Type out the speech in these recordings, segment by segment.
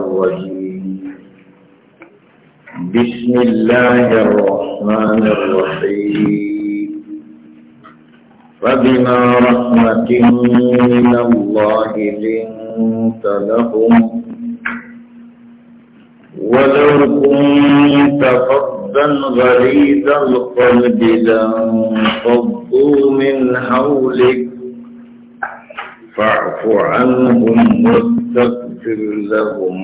الرجيم بسم الله الرحمن الرحيم فبما رحمة من الله لنت لهم ولو كنت فظا غليظ القلب لانفضوا من حولك فاعف عنهم واستغفر فاغفر لهم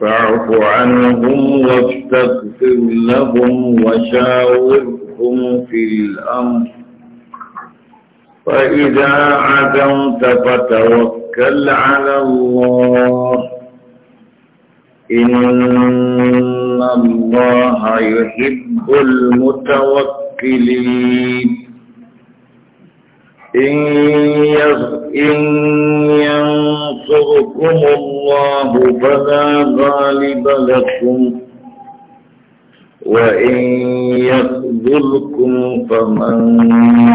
فاعف عنهم واستغفر لهم وشاورهم في الأمر فإذا عزمت فتوكل على الله إن الله يحب المتوكلين إن, ينصركم الله فلا غالب لكم وإن يخذلكم فمن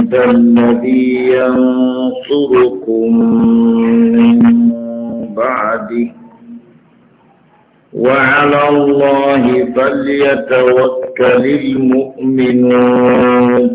ذا الذي ينصركم من بعده وعلى الله فليتوكل المؤمنون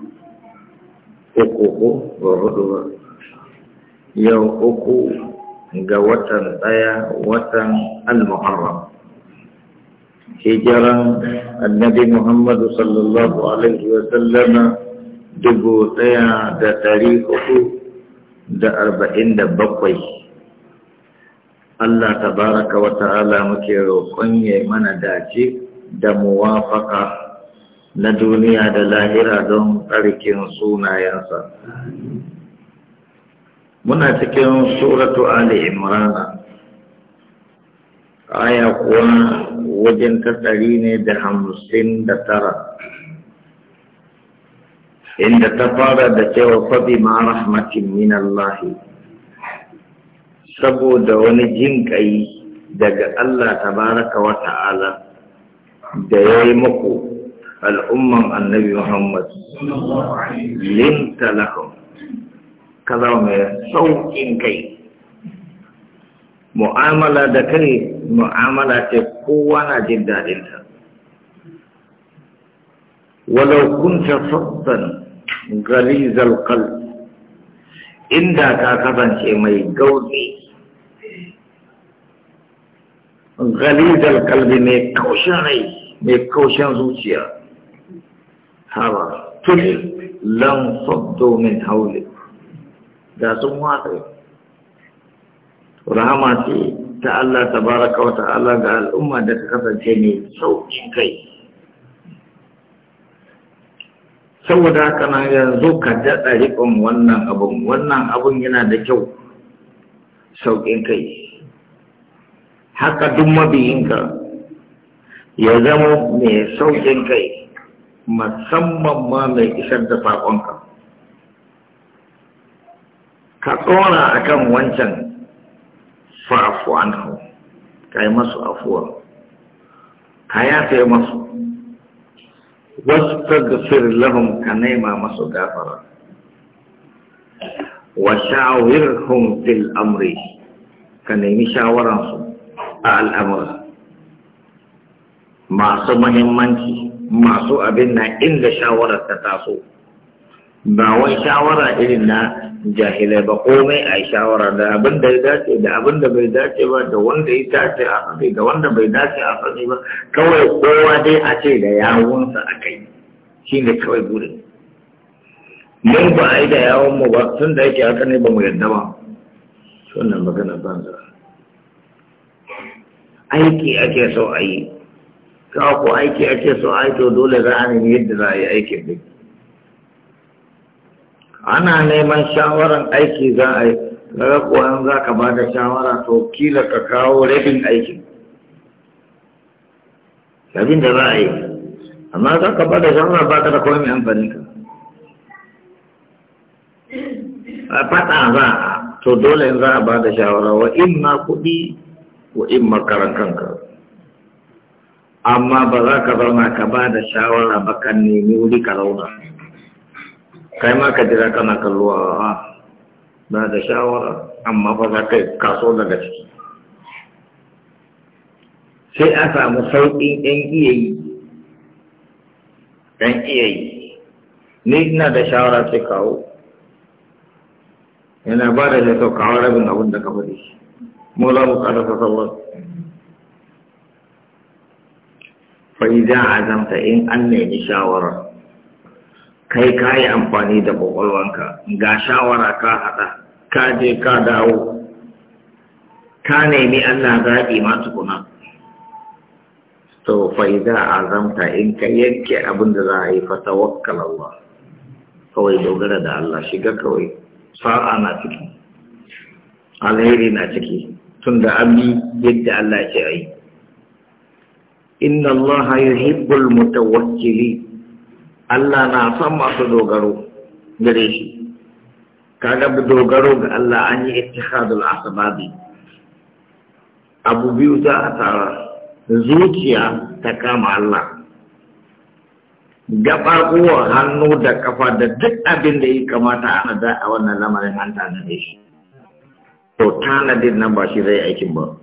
uku ko hudu ba yau uku ga watan ɗaya watan al-muharram hijiran annabi muhammadu sallallahu alaihi wa sallama dubu ɗaya da ɗari uku da arba'in da bakwai Allah tabaraka wa ta'ala muke roƙon ya mana dace da muwafaka na duniya da lahira don tsarkin sunayensa. Muna cikin suratu Ali imrana aya kuwa wajen ta ɗari ne da hamsin da tara. Inda ta fara da cewa fabi ma rahmatin min Allahi, saboda wani jin daga Allah tabaraka wa ta'ala da ya yi muku الأمم النبي محمد لنت لهم كذا سوء كي معاملة دكري معاملة قوة جدا لنت ولو كنت فضا غليظ القلب إن ذاك كفن شيء ما يقولي غليظ القلب ما كوشن ما كوشن زوجيه hawa tun lan saddo min haule da sun watsa rahama ce ta Allah tabaraka wa ta'ala ga al'umma da ta kasance mai saukin kai saboda haka nan yanzu ka daɗa riƙon wannan abun wannan abun yana da kyau sauƙin kai haka duk mabiyinka ya zama mai sauƙin kai musamman ma mai isar da saƙonka ka tsora a kan wancan fa'afu anhu ka yi masu afuwa ka yafe masu wasu tagafir lahum ka nema masu gafara wa shawirhum fil amri ka nemi shawararsu a al'amura masu mahimmanci masu abin na inda shawarar ta taso ba wai shawara irin na jahilai ba komai a shawara da abin da ya dace da abin da bai dace ba da wanda ya dace a sani da wanda bai dace a sani ba kawai kowa dai a ce da yawunsa a kai shi ne kawai burin mun ba a yi da yawon mu ba tun da yake haka ne ba mu yadda ba sunan magana banza aiki ake so a yi ka ku aiki a ce so aiki dole za a nemi yadda za a yi aiki da ana neman shawaran aiki za a yi daga kuwa za ka ba da shawara to kila ka kawo rabin aikin rabin da za a yi amma za ka ba da shawara ba ka da kawai mai amfani ka a fata za a to dole za a ba da shawara wa in ma kuɗi wa in ma karan kanka amma ba za ka zauna ka ba da shawara ba kan nemi wuri ka zauna kai ma ka jira kana kallo a ba da shawara amma ba za ka kaso daga ciki sai a samu sauƙin ɗan iyayi ɗan iyayi ni ina da shawara sai kawo yana ba da shi kawo rabin abin da ka faɗi mu za mu ƙarasa sauran zanta in an nemi shawara. kai ka yi amfani da ƙwaƙwalwanka ga shawara ka haɗa ka je ka dawo ka nemi Allah zaɓi ma tukuna to fa'iza azamta in ka yanke abin da za a yi fata wakkalarwa kawai dogara da Allah shiga kawai sa'a na ciki alheri na ciki tun da an yadda Allah ce a yi inna Allah yuhibbul mutawakkili Allah na son masu dogaro gare shi kaga dogaro ga Allah an yi ittihadul asbabi abu biyu za a tara zuciya ta kama Allah gaɓaɓuwa hannu da kafa da duk abin da ya kamata ana da a wannan lamarin an da shi to tanadin nan ba shi zai aikin ba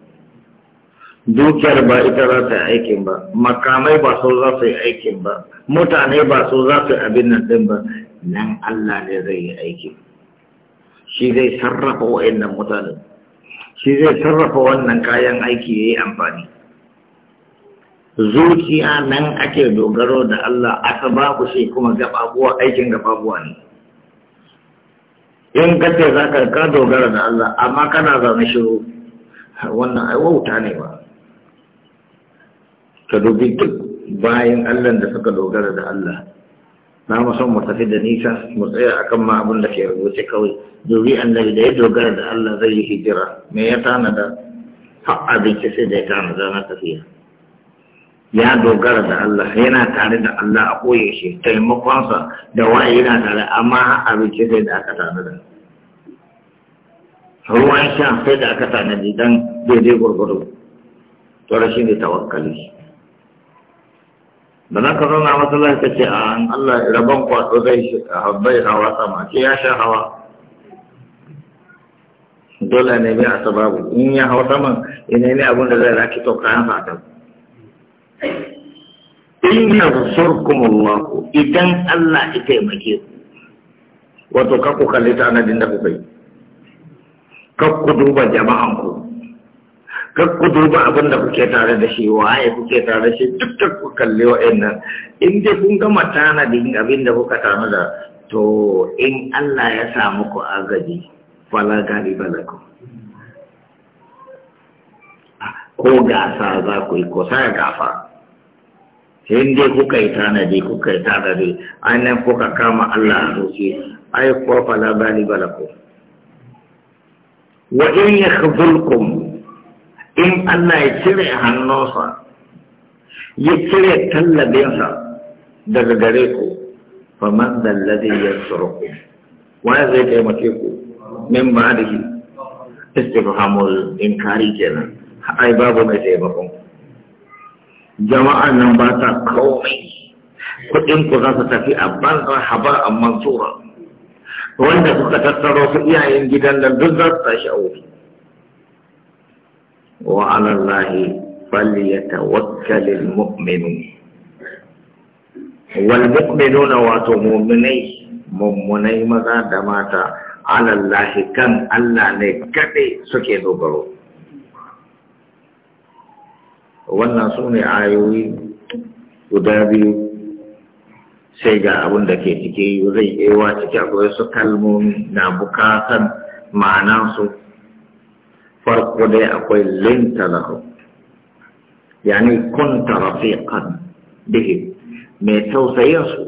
dukiyar ba ita za ta yi aikin ba makamai ba so za su yi aikin ba mutane ba so za su yi abin nan din ba nan Allah ne zai yi aikin shi zai sarrafa wa'annan mutane shi zai sarrafa wannan kayan aiki ya yi amfani zuciya nan ake dogaro da Allah aka babu shi kuma gababuwa aikin gababuwa ne in kace za ka dogara da Allah amma kana zaune shiru wannan ai wauta ne ba ka dubi duk bayan Allah da suka dogara da Allah na musamman mu tafi da nisa mu tsaya akan ma abin da ke rubuce kawai dubi annabi da ya dogara da Allah zai yi hijira me ya tanada har abinci sai da ya tanada na tafiya ya dogara da Allah yana tare da Allah a koye shi taimakonsa da waye yana tare amma abinci sai da aka tanada ruwan sha sai da aka tanadi idan daidai gwargwaro to rashin ne tawakkali da za ka zauna masallaci ka ce a an Allah rabon kwaso zai habbai hawa sama ce ya sha hawa dole ne a sababu. in ya hau saman ina ne abinda zai raki to kayan fatan in ya kuma Allah idan Allah ya taimake ku wato ka ku kalli ta anadin da kuka yi ka ku duba jama'an ku kar ku duba abin da kuke tare da shi waye kuke tare da shi duk da ku kalli wa'annan in dai kun gama tanadin abin da kuka tanada to in Allah ya sa muku agaji fala gari balako. ko gasa za ku yi ko sai gafa sai dai kuka yi tanadi kuka yi tanadi ainihin kuka kama Allah a zuci ai ko fala gari balaku wa in ya khuzulkum in Allah ya cire hannunsa ya cire tallabinsa daga gare ku faman zallade ya tsoro wani zai taimake ku min ba da shi in kari kenan ai babu mai taimakon jama'an nan ba ta komai kuɗin ku za su tafi a banza haba a mansura wanda suka tattaro su iyayen gidan nan duk za su tashi a wuri wa ala lahi fali ya ta wato mu'minai mummunai maza da mata ala lahi kan Allah ne kaɗe suke dogaro wannan sune ne ayoyi guda biyu sai ga abun da ke cike yi zai ewa cikin akwai su kalmomi na bukatan ma'anansu farko dai akwai linta lahu yani kunta rafiqan bihi mai tausayin su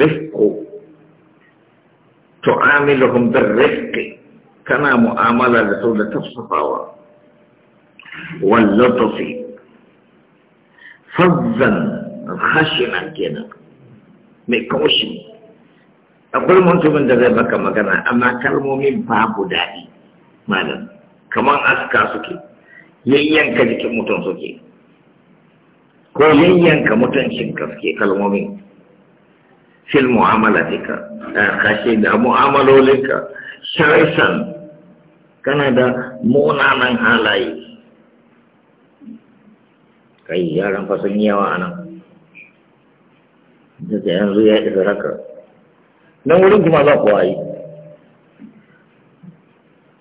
rifqu tu'amiluhum bir rifqi kana mu'amala da su da tafsafawa wal lutfi fazzan khashina kenan mai kaushi akwai mutumin da zai baka magana amma kalmomin babu daɗi malam kamar aska suke yayyanka jikin mutum suke ko yayyanka mutuncin ka suke kalmomi, fil mu'amalatika kashe da mu'amalolinka sharisan kana da munanan halaye kai yaran fa yawa a nan daga yanzu ya isa raka nan wurin kuma za ku yi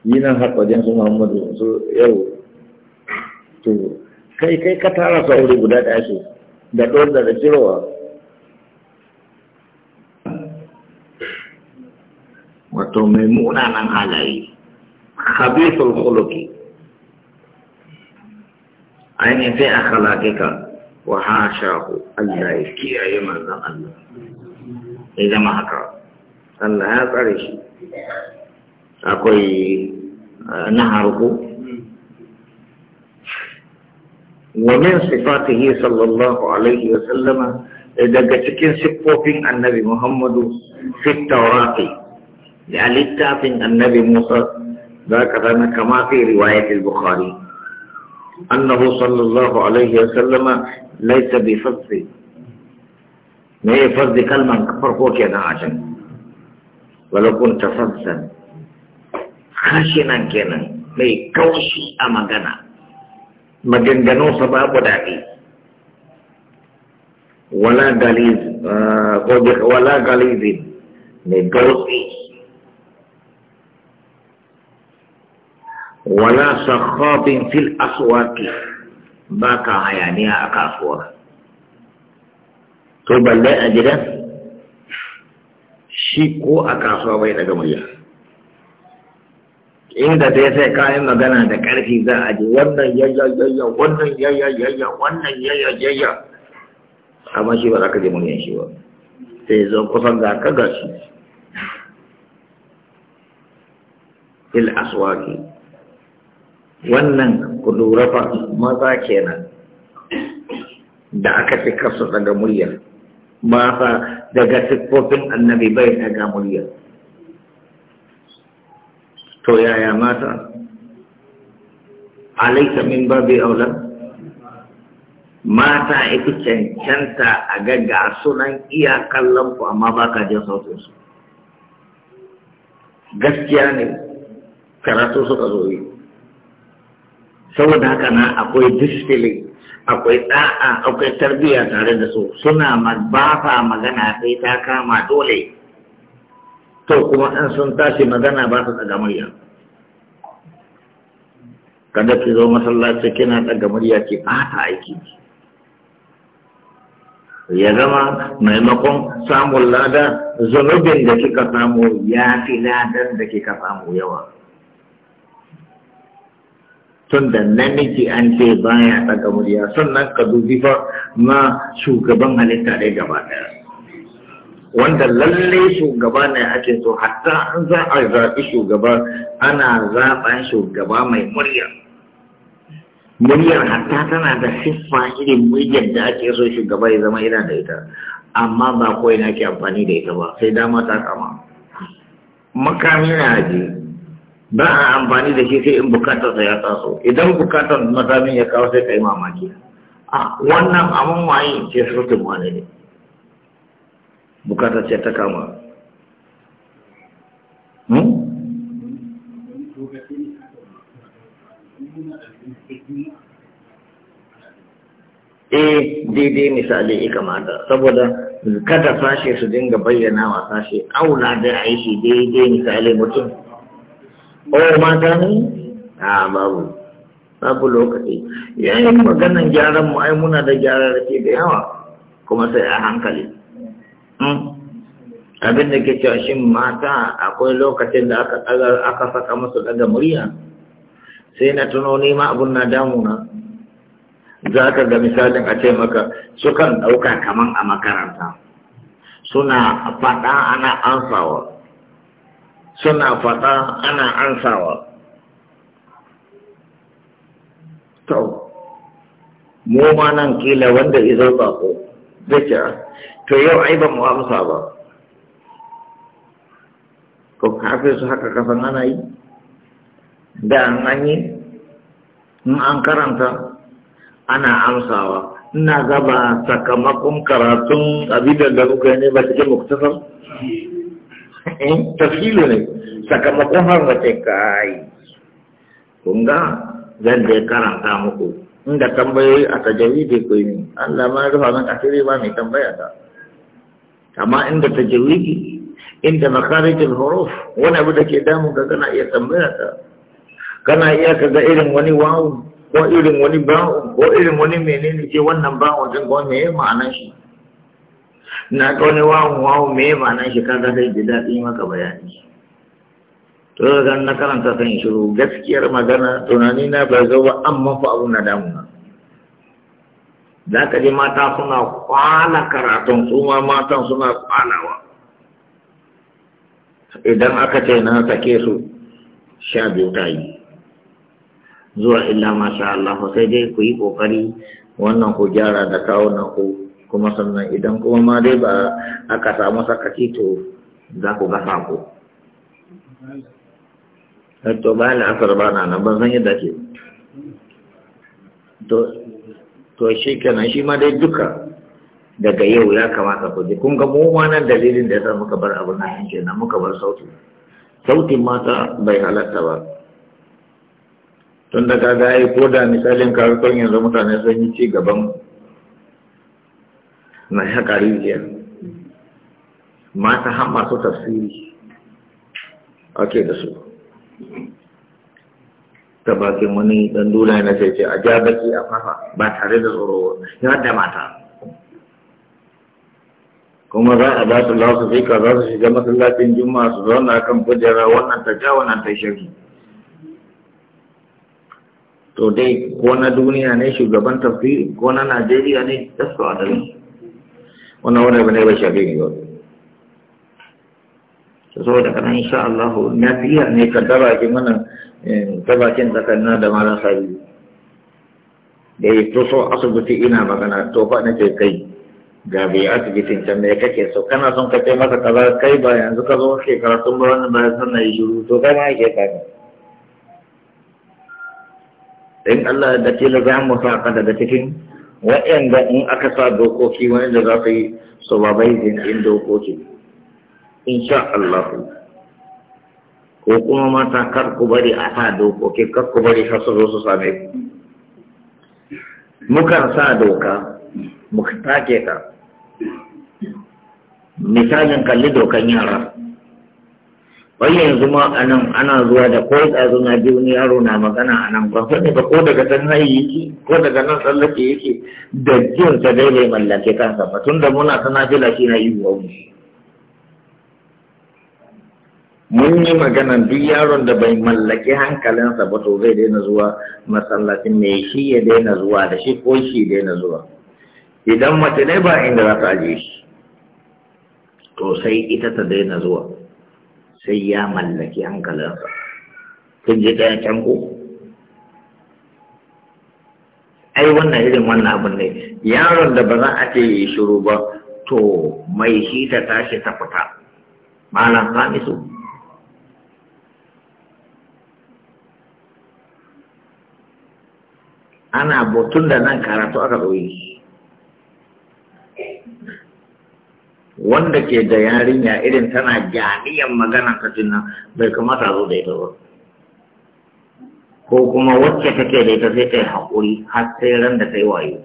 yi nan har wajen su muhammadu su yau to kai kai ka tara su guda ɗaya su da ɗor da da cirowa wato mai munanan halaye khabisul khuluqi ainihin sai a halakika wa hashahu Allah ya kiyaye manzon Allah ya zama haka Allah ya tsare shi akoy akwai wa min sifatihi sallallahu alaihi wa وسلم daga cikin siffofin annabi Muhammadu fit taurati da littafin annabi Musa za ka zama kama fi riwayat al-Bukhari annahu sallallahu alaihi wa sallama laysa bi fadli me ya fadli kalman farko kenan a can walau kun tafassan nan kenan mai kaushi a magana maganganunsa babu daɗi wala ah, galizin mai gautsi wala sakhabin fil aswaki ba ka hayaniya a kasuwa to balle a gidan shi ko a kasuwa bai daga murya inda dai sai kayan magana da ƙarfi za a ji wannan yayyayya wannan yayyayya wannan yayyayya amma shi ba za ka ji muryan shi ba sai zo kusan ga ka ga shi fil aswaki wannan ku lura fa maza kenan da aka ce kasu daga muryar ba daga siffofin annabi bai daga muryar to yaya mata alaika min babi aula mata ita cancanta a gagga sunan iya kallon ku amma ba ka jin sautinsu gaskiya ne karatu suka zo yi saboda haka na akwai disfili akwai ɗa'a akwai tarbiyya tare da su suna ba fa magana sai ta kama dole to kuma an sun tashi magana ba su daga murya kada ki zo masallaci kina daga murya ki bata aiki ya zama maimakon samun lada zunubin da kika samu ya fi ladan da kika samu yawa tun da namiji an ce baya daga murya sannan ka dubi fa na shugaban halitta ɗaya gaba ɗaya wanda lalle shugaba ne ake so hatta an za a zaɓi shugaba ana zaɓan shugaba mai murya muryar hatta tana da siffa irin muryar da ake so shugaba ya zama yana da ita amma ba kawai ina ke amfani da ita ba sai dama ta kama makami na aji ba a amfani da shi sai in bukatar ya taso idan bukatar makamin ya kawo sai ka yi mamaki a wannan abin waye ce surutun wane ne bukata ce ta kama hmm? eh daidai misali ya kamata saboda kada sashe su dinga bayyana wa sashe aula da shi daidai misali mutum o oh, mata ne a babu babu lokaci yayin maganan gyaran mu ai muna da da ke da yawa kuma sai a hankali abin da ke cewa shi mata akwai lokacin da aka tsagar aka saka musu daga murya sai na tuno ma abin na damuna za ka ga misalin a ce maka sukan ɗauka kaman a makaranta suna faɗa ana ansawa suna faɗa ana ansawa to mu ma nan kila wanda izo bako zai to yau ai ba mu amsa ba ko kafin su haka kasan ana yi da an yi in an karanta ana amsawa ina gaba sakamakon karatun abidan da kuka ne ba cikin muktasar eh, tafsilu ne sakamakon harmace kai kunga zan da karanta muku inda tambayoyi a tajawidi ku yi Allah ma rufa zan asiri ba mai tambaya ta amma inda tajawidi inda makarijin huruf wani abu da ke damun ka kana iya tambaya ta kana iya ka ga irin wani wawun ko irin wani ba'u ko irin wani menene ce wannan ba'u din ko meye ma'anar shi na ga wani wawun wawun meye ma'anar shi kaga zai ji daɗi maka bayani to ga na karanta san shiru gaskiyar magana tunani na bai zo ba amma fa abu na damuna za ka ji mata suna kwana karatun su ma matan suna kwanawa idan aka ce na sake su sha biyu ta yi zuwa illa masha Allah sai dai ku yi kokari wannan ku gyara da na ku kuma sannan idan kuma ma dai ba aka samu sakaci to za ku gasa ku. to bayan asar ba na nan ban san yadda ke to shi kenan shi ma dai duka daga yau ya kamata ku ji kun ga mu wannan dalilin da yasa muka bar abu nan nan muka bar sauti sautin mata bai halatta ba Tunda da ka ga ko da misalin karukan yanzu mutane sun yi ci gaban na haka rijiya mata har masu tafsiri ake da su ta bakin wani ɗan dula na sai ce a ja a fafa ba tare da tsoro ya da mata kuma za a za su lasu fika za su shiga masallacin juma'a su zauna kan kujera wannan ta ja wannan ta shirki to dai ko na duniya ne shugaban tafsiri ko na najeriya ne dasu a dalin wannan wani abu ne ba shafi ne ba ta so da kanan insha Allah na fiya ne ka daba ki mana gabakin eh, tsakanin da mara sabi da ya to so asibiti ina magana to fa nake kai ga bai asibitin can me kake so kana son ka masa kaza kai ba yanzu ka zo ke karatun ba wannan ba san na yi shiru to kai ma ake ka ne in Allah da ke da za mu sa ka daga cikin waɗanda in aka sa dokoki wanda za su yi su ba bai in dokoki insha Allah ko kuma mata kar ku bari a sa dokoki kar ku bari har su zo su same ku mukan sa doka mu take ta misalin kalli dokan yara wai yanzu ma a ana zuwa da ko da na biyu ne yaro na magana anan. nan ba ko daga can nan yake ko daga nan tsallake yake da jin sa dai bai mallake kansa ba tun da muna sana jila shi na yi wa mun yi magana duk yaron da bai mallaki hankalinsa ba to zai daina zuwa masallacin mai shi ya daina zuwa da shi ko shi daina zuwa idan mace ne ba inda za ta ajiye shi to sai ita ta daina zuwa sai ya mallaki hankalinsa kun je ɗaya can ko ai wannan irin wannan abin ne yaron da ba za a ce yi shiru ba to mai shi ta tashi ta fita malam hamisu ana botun da nan karatu aka zoye shi wanda ke da yarinya irin tana jami'an magana ta tunan bai kamata zo da ita ba ko kuma wacce take da ita sai ta yi haƙuri har sai ran da ta yi wayo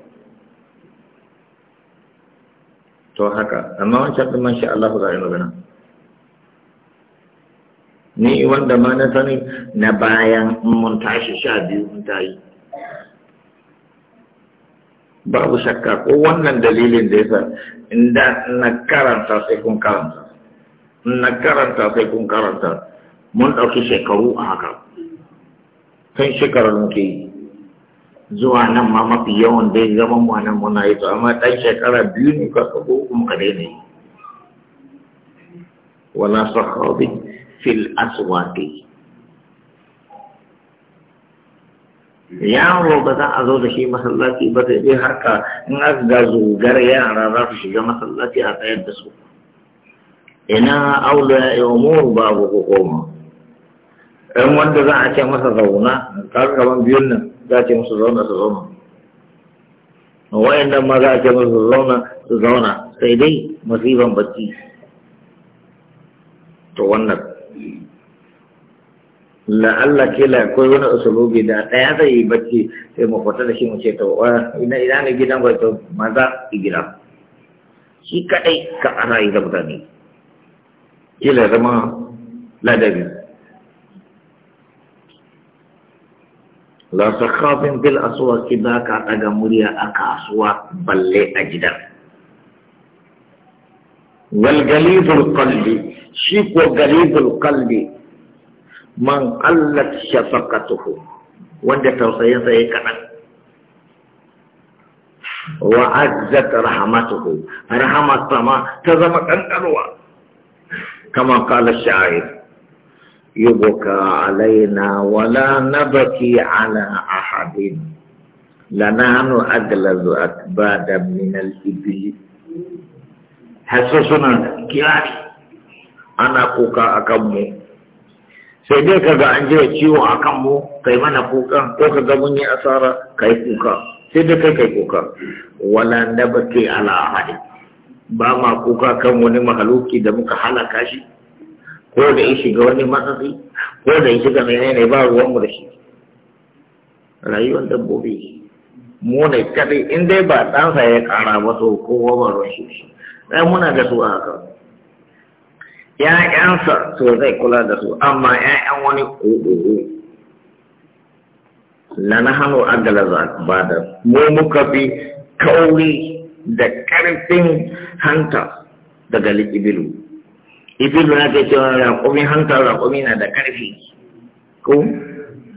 to haka amma wancan ɗin man sha Allah za magana ni wanda ma na sani na bayan mun tashi sha biyu mun ta babu shakka ko wannan dalilin da yasa inda na karanta sai kun karanta na karanta sai kun karanta mun ɗauki shekaru a haka kan shekarar muke zuwa nan ma mafi yawan dai zama mu nan muna yi to amma ɗan shekara biyu ne ka ko kuma ka daina yi wala sahabi fil aswaqi yaro ba za a zo da shi masallaci ba sai dai harka in aka ga zugar yara za su shiga masallaci a tsayar da su ina aula ya yi umuru ku koma? ɗan wanda za a ce masa zauna kar gaban biyun nan za a ce masa zauna su zauna wayan ma za a ce masa zauna su zauna sai dai masiban bacci to wannan la'alla kila akwai wani usulubi da ɗaya zai yi bacci sai mu fita da shi mu ce ta ina ina ne gidan gwai to maza i gida shi kadai ka ana yi da mutane kila zama ladabi la sakhafin bil aswa kida ka daga murya a kasuwa balle a gida wal galizul qalbi shi ko galizul qalbi man allat shafaqatuhu wanda tausayinsa ya kaɗan wa azzat rahmatuhu rahmat sama ta zama kankarwa kama qala sha'ir يبكى علينا ولا نبكي على أحد لنحن أجلز أكبادا من الإبل حسسنا Ana kuka أكوكا أكمو sai dai ka ga an jiya ciwo a kan mu kai mana kuka ko ka ga mun yi asara kai kuka sai dai kai kai kuka wala na bake ala hadi ba ma kuka kan wani mahaluki da muka halaka shi ko da ya shiga wani matsatsi ko da ya shiga menene ba ruwan mu da shi rayuwar dabbobi mu ne kadai in dai ba ɗansa ya ƙara ba to kowa ba ruwan shi ɗaya muna da su haka ‘ya'yansa so zai kula da su amma ‘ya'yan wani ƙoƙo na na hannu adala ba da mu muka fi kauri da ƙarfin hanta daga ibilu ibilu na ke cewa raƙumi hanta raƙumi na da ƙarfi ko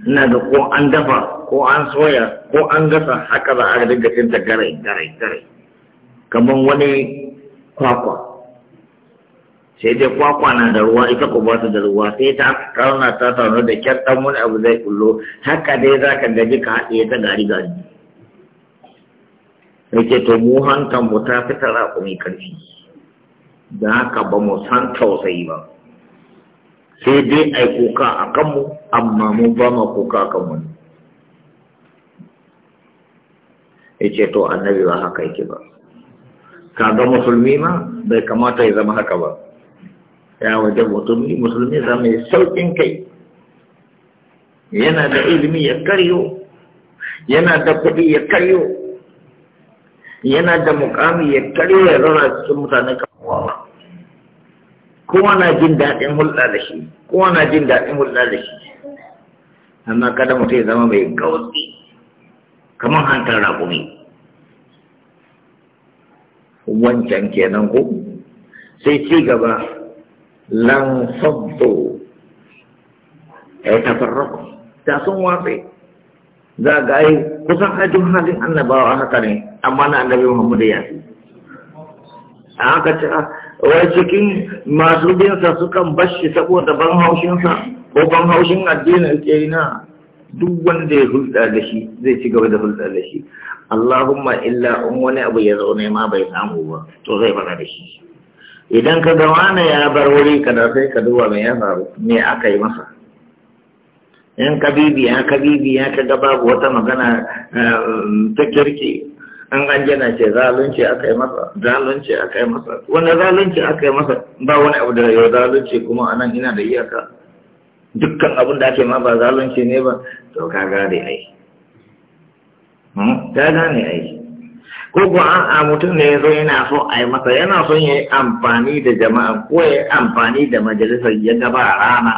na da ko an dafa ko an soya ko an gasa haka za a dinga cinta garai garai garai kamar wani kwakwa sai dai kwakwa na da ruwa ita ko bata da ruwa sai ta karna ta tauna da kyar dan wani abu zai kullo haka dai za ka gaji ka haɗe ta gari gari yake to mu hankan mu ta fita raƙumi karfi da haka ba mu san tausayi ba sai dai yi kuka a kanmu amma mu ba mu kuka a kanmu ce to annabi ba haka yake ba kaga musulmi ma bai kamata ya zama haka ba ya waje mutum musulmi zama ya sauƙin kai yana da ilimi ya karyo yana da kuɗi ya karyo yana da mukami ya karyo ya zauna cikin mutane kawawa kowa na jin daɗin hulɗa da shi kowa na jin daɗin hulɗa da shi amma kada mutum ya zama mai gawatsi kamar hantar raƙumi wancan kenan ko sai ci gaba lan sabbu ay tafarraqu da sun watsi za ga ai kusan ajin halin annabawa haka ne amma na annabi Muhammad ya fi a ah, haka ce wai cikin masu su sukan bashi saboda ban haushinsa ko ban haushin addinin ke na ah. duk wanda ya hulɗa da shi zai ci gaba da hulɗa da shi Allahumma illa in wani abu ya zaune ma bai samu ba to zai fara da shi idan ka ga wani ya bar wuri ka da sai ka duba mai ya faru me aka yi masa in ka bibiya ka bibiya ka ga babu wata magana eh, ta kirki an an jana ce zalunci aka yi masa zalunci aka yi masa wani zalunci aka yi masa ba wani abu da yau zalunci kuma a nan ina da iyaka dukkan abin da ake ma ba zalunci ne ba to ka gane ai hmm? ka gane ai ko ko a mutum ne zo yana so a yi masa yana son ya yi amfani da jama'a ko ya yi amfani da majalisar ya gaba a rana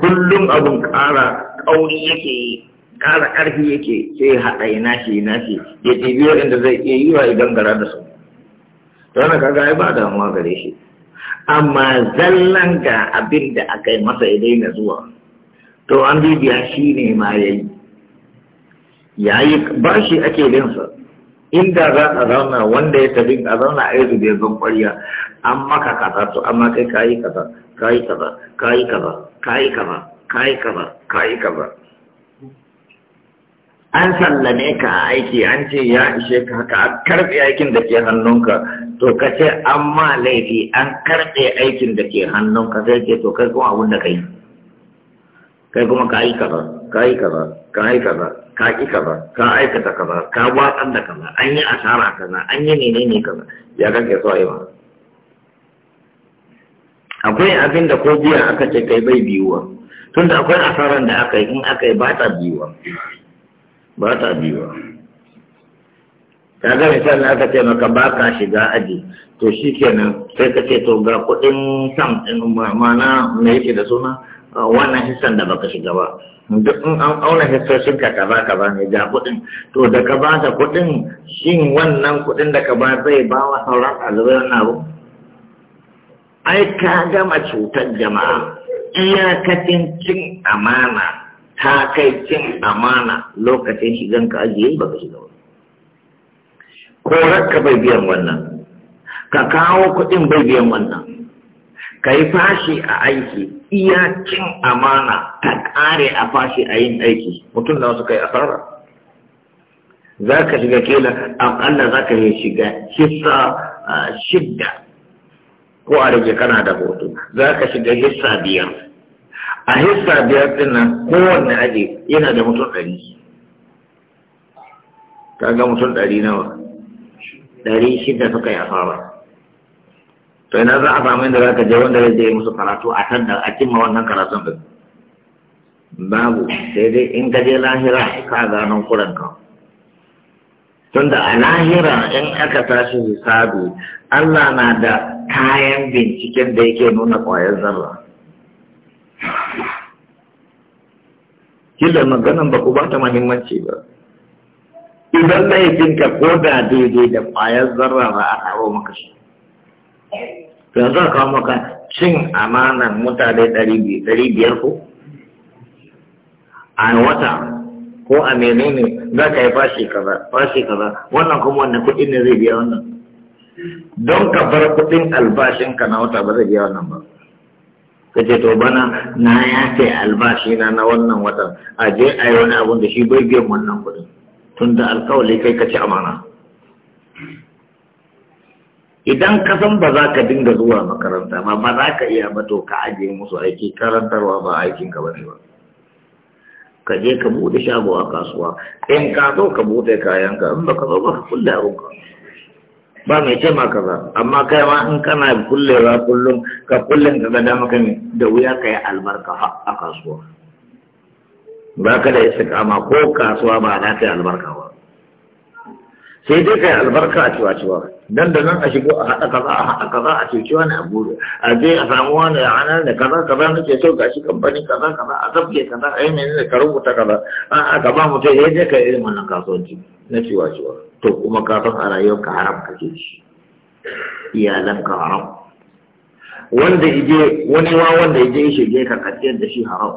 kullum abun ƙara ƙauri yake yi ƙara ƙarfi yake sai haɗa yi nashi yi nashi ya ɗebi waɗanda zai iya yi wa idan gara da su to wannan kaga ya ba damuwa gare shi amma zallan ga abin da aka yi masa ya na zuwa to an bibiya shi ne ma ya yi ya yi ba shi ake sa inda za a zauna wanda ya tafi a zauna a yanzu bai zan kwariya an maka kaza to amma kai kayi kaza kayi kaza kayi kaza kayi kaza kayi kaza kayi kaza an sallame ka a aiki an ce ya ishe ka haka an karɓe aikin da ke hannunka to ka ce an ma laifi an karɓe aikin da ke hannunka sai ce to kai kuma abin da ka yi kai kuma ka yi kaza ka yi kaza ka yi kaza ka ƙi kaza ka aikata kaza ka watsar da kaza an yi asara kaza an yi menene kaza ya kake so a yi ma akwai abin da ko biya aka ce kai bai biyuwa tunda akwai asaran da aka yi in aka yi ba ta biyuwa ba ta biyuwa kaga misali aka ce maka ba ka shiga aji to shi kenan sai ka ce to ga kuɗin sam ɗin mana me yake da suna wannan hissan da baka shiga ba duk in an auna hissoshin ka kaza kaza ne ja kuɗin to da ka ba ta kuɗin shin wannan kuɗin da ka ba zai ba wa sauran ɗalibai wannan abu ai ka gama cutar jama'a iyakacin cin amana ta kai cin amana lokacin shigan ka ajiye ba ka shiga ba ko rakka bai biyan wannan ka kawo kuɗin bai biyan wannan ka yi fashi a aiki iya cin amana ta kare a fashi a yin aiki mutum da wasu kai asara za ka shiga kila aƙalla za ka yi shiga hissa shidda ko a rage kana da hoto za ka shiga hissa biyar a hissa biyar din nan kowanne aji yana da mutum ɗari ka ga mutum ɗari nawa ɗari shidda suka yi asara to ina za a samu inda za ka je wanda zai je musu karatu a tanda a cimma wannan karatun da babu sai dai in ka je lahira ka gano kuranka tunda a lahira in aka tashi hisabi Allah na da kayan binciken da yake nuna ƙwayar zarra kila maganan ba ku ba ta mahimmanci ba idan laifinka ko da daidai da ƙwayar zarra ba a kawo maka shi yanzu a kawo maka cin amanar mutane ɗari biyar ko a wata ko a menene za ka yi fashi kaza fashi kaza wannan kuma wannan kuɗin ne zai biya wannan don ka bar kuɗin albashinka na wata ba zai biya wannan ba ka ce to bana na ya ce albashi na na wannan watan a je a yi wani abun da shi bai biyan wannan kuɗin tun da alkawali kai ka ci amana idan ka san ba za ka dinga zuwa makaranta ba ba za ka iya ba to ka ajiye musu aiki karantarwa ba aikin ka bane ba ka je ka bude shago a kasuwa in ka zo ka bude kayan ka in ba ka zo ba ka kulle abun ka ba mai ce ma kaza amma kai ma in kana kulle kullewa kullum ka kullum ka ga dama kan da wuya ka yi albarka a kasuwa ba ka da kama ko kasuwa ba za ka yi albarka ba sai dai kai albarka a cewa cewa dan da nan a shigo a haɗa kaza a haɗa kaza a cewa cewa ne a buru a je a samu wani a hana da kaza kaza ke so gashi shi kamfani kaza kaza a tafke kaza a yi mai ne ka rubuta kaza a ka ba mutum ya je kai irin wannan kasuwanci na cewa cewa to kuma kafin a rayuwar ka haram kake shi iyalan ka haram wanda ije wani wa wanda ije ya je ka kaciyar da shi haram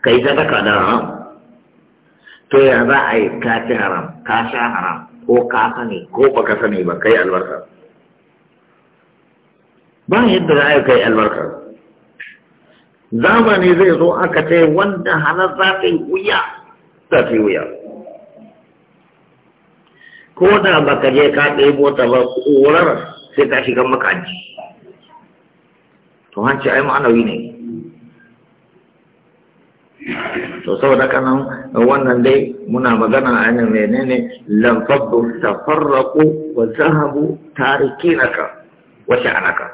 kai sadaka da haram to ya za a yi ka ci haram ka sha haram ko ka sani ko ba ka sani ba kai albarka ba yadda za a yi kai albarka zamani zai zo aka ce wanda hana za ta yi wuya za ta yi wuya ko da ba ka je ka ɗaya bota ba ƙorar sai ta shiga maka to hanci ai ma'anawi ne to saboda kana wannan dai muna magana a yanar ne lamfabdu tafarraku wa zahabu tarikinaka wa sha'anaka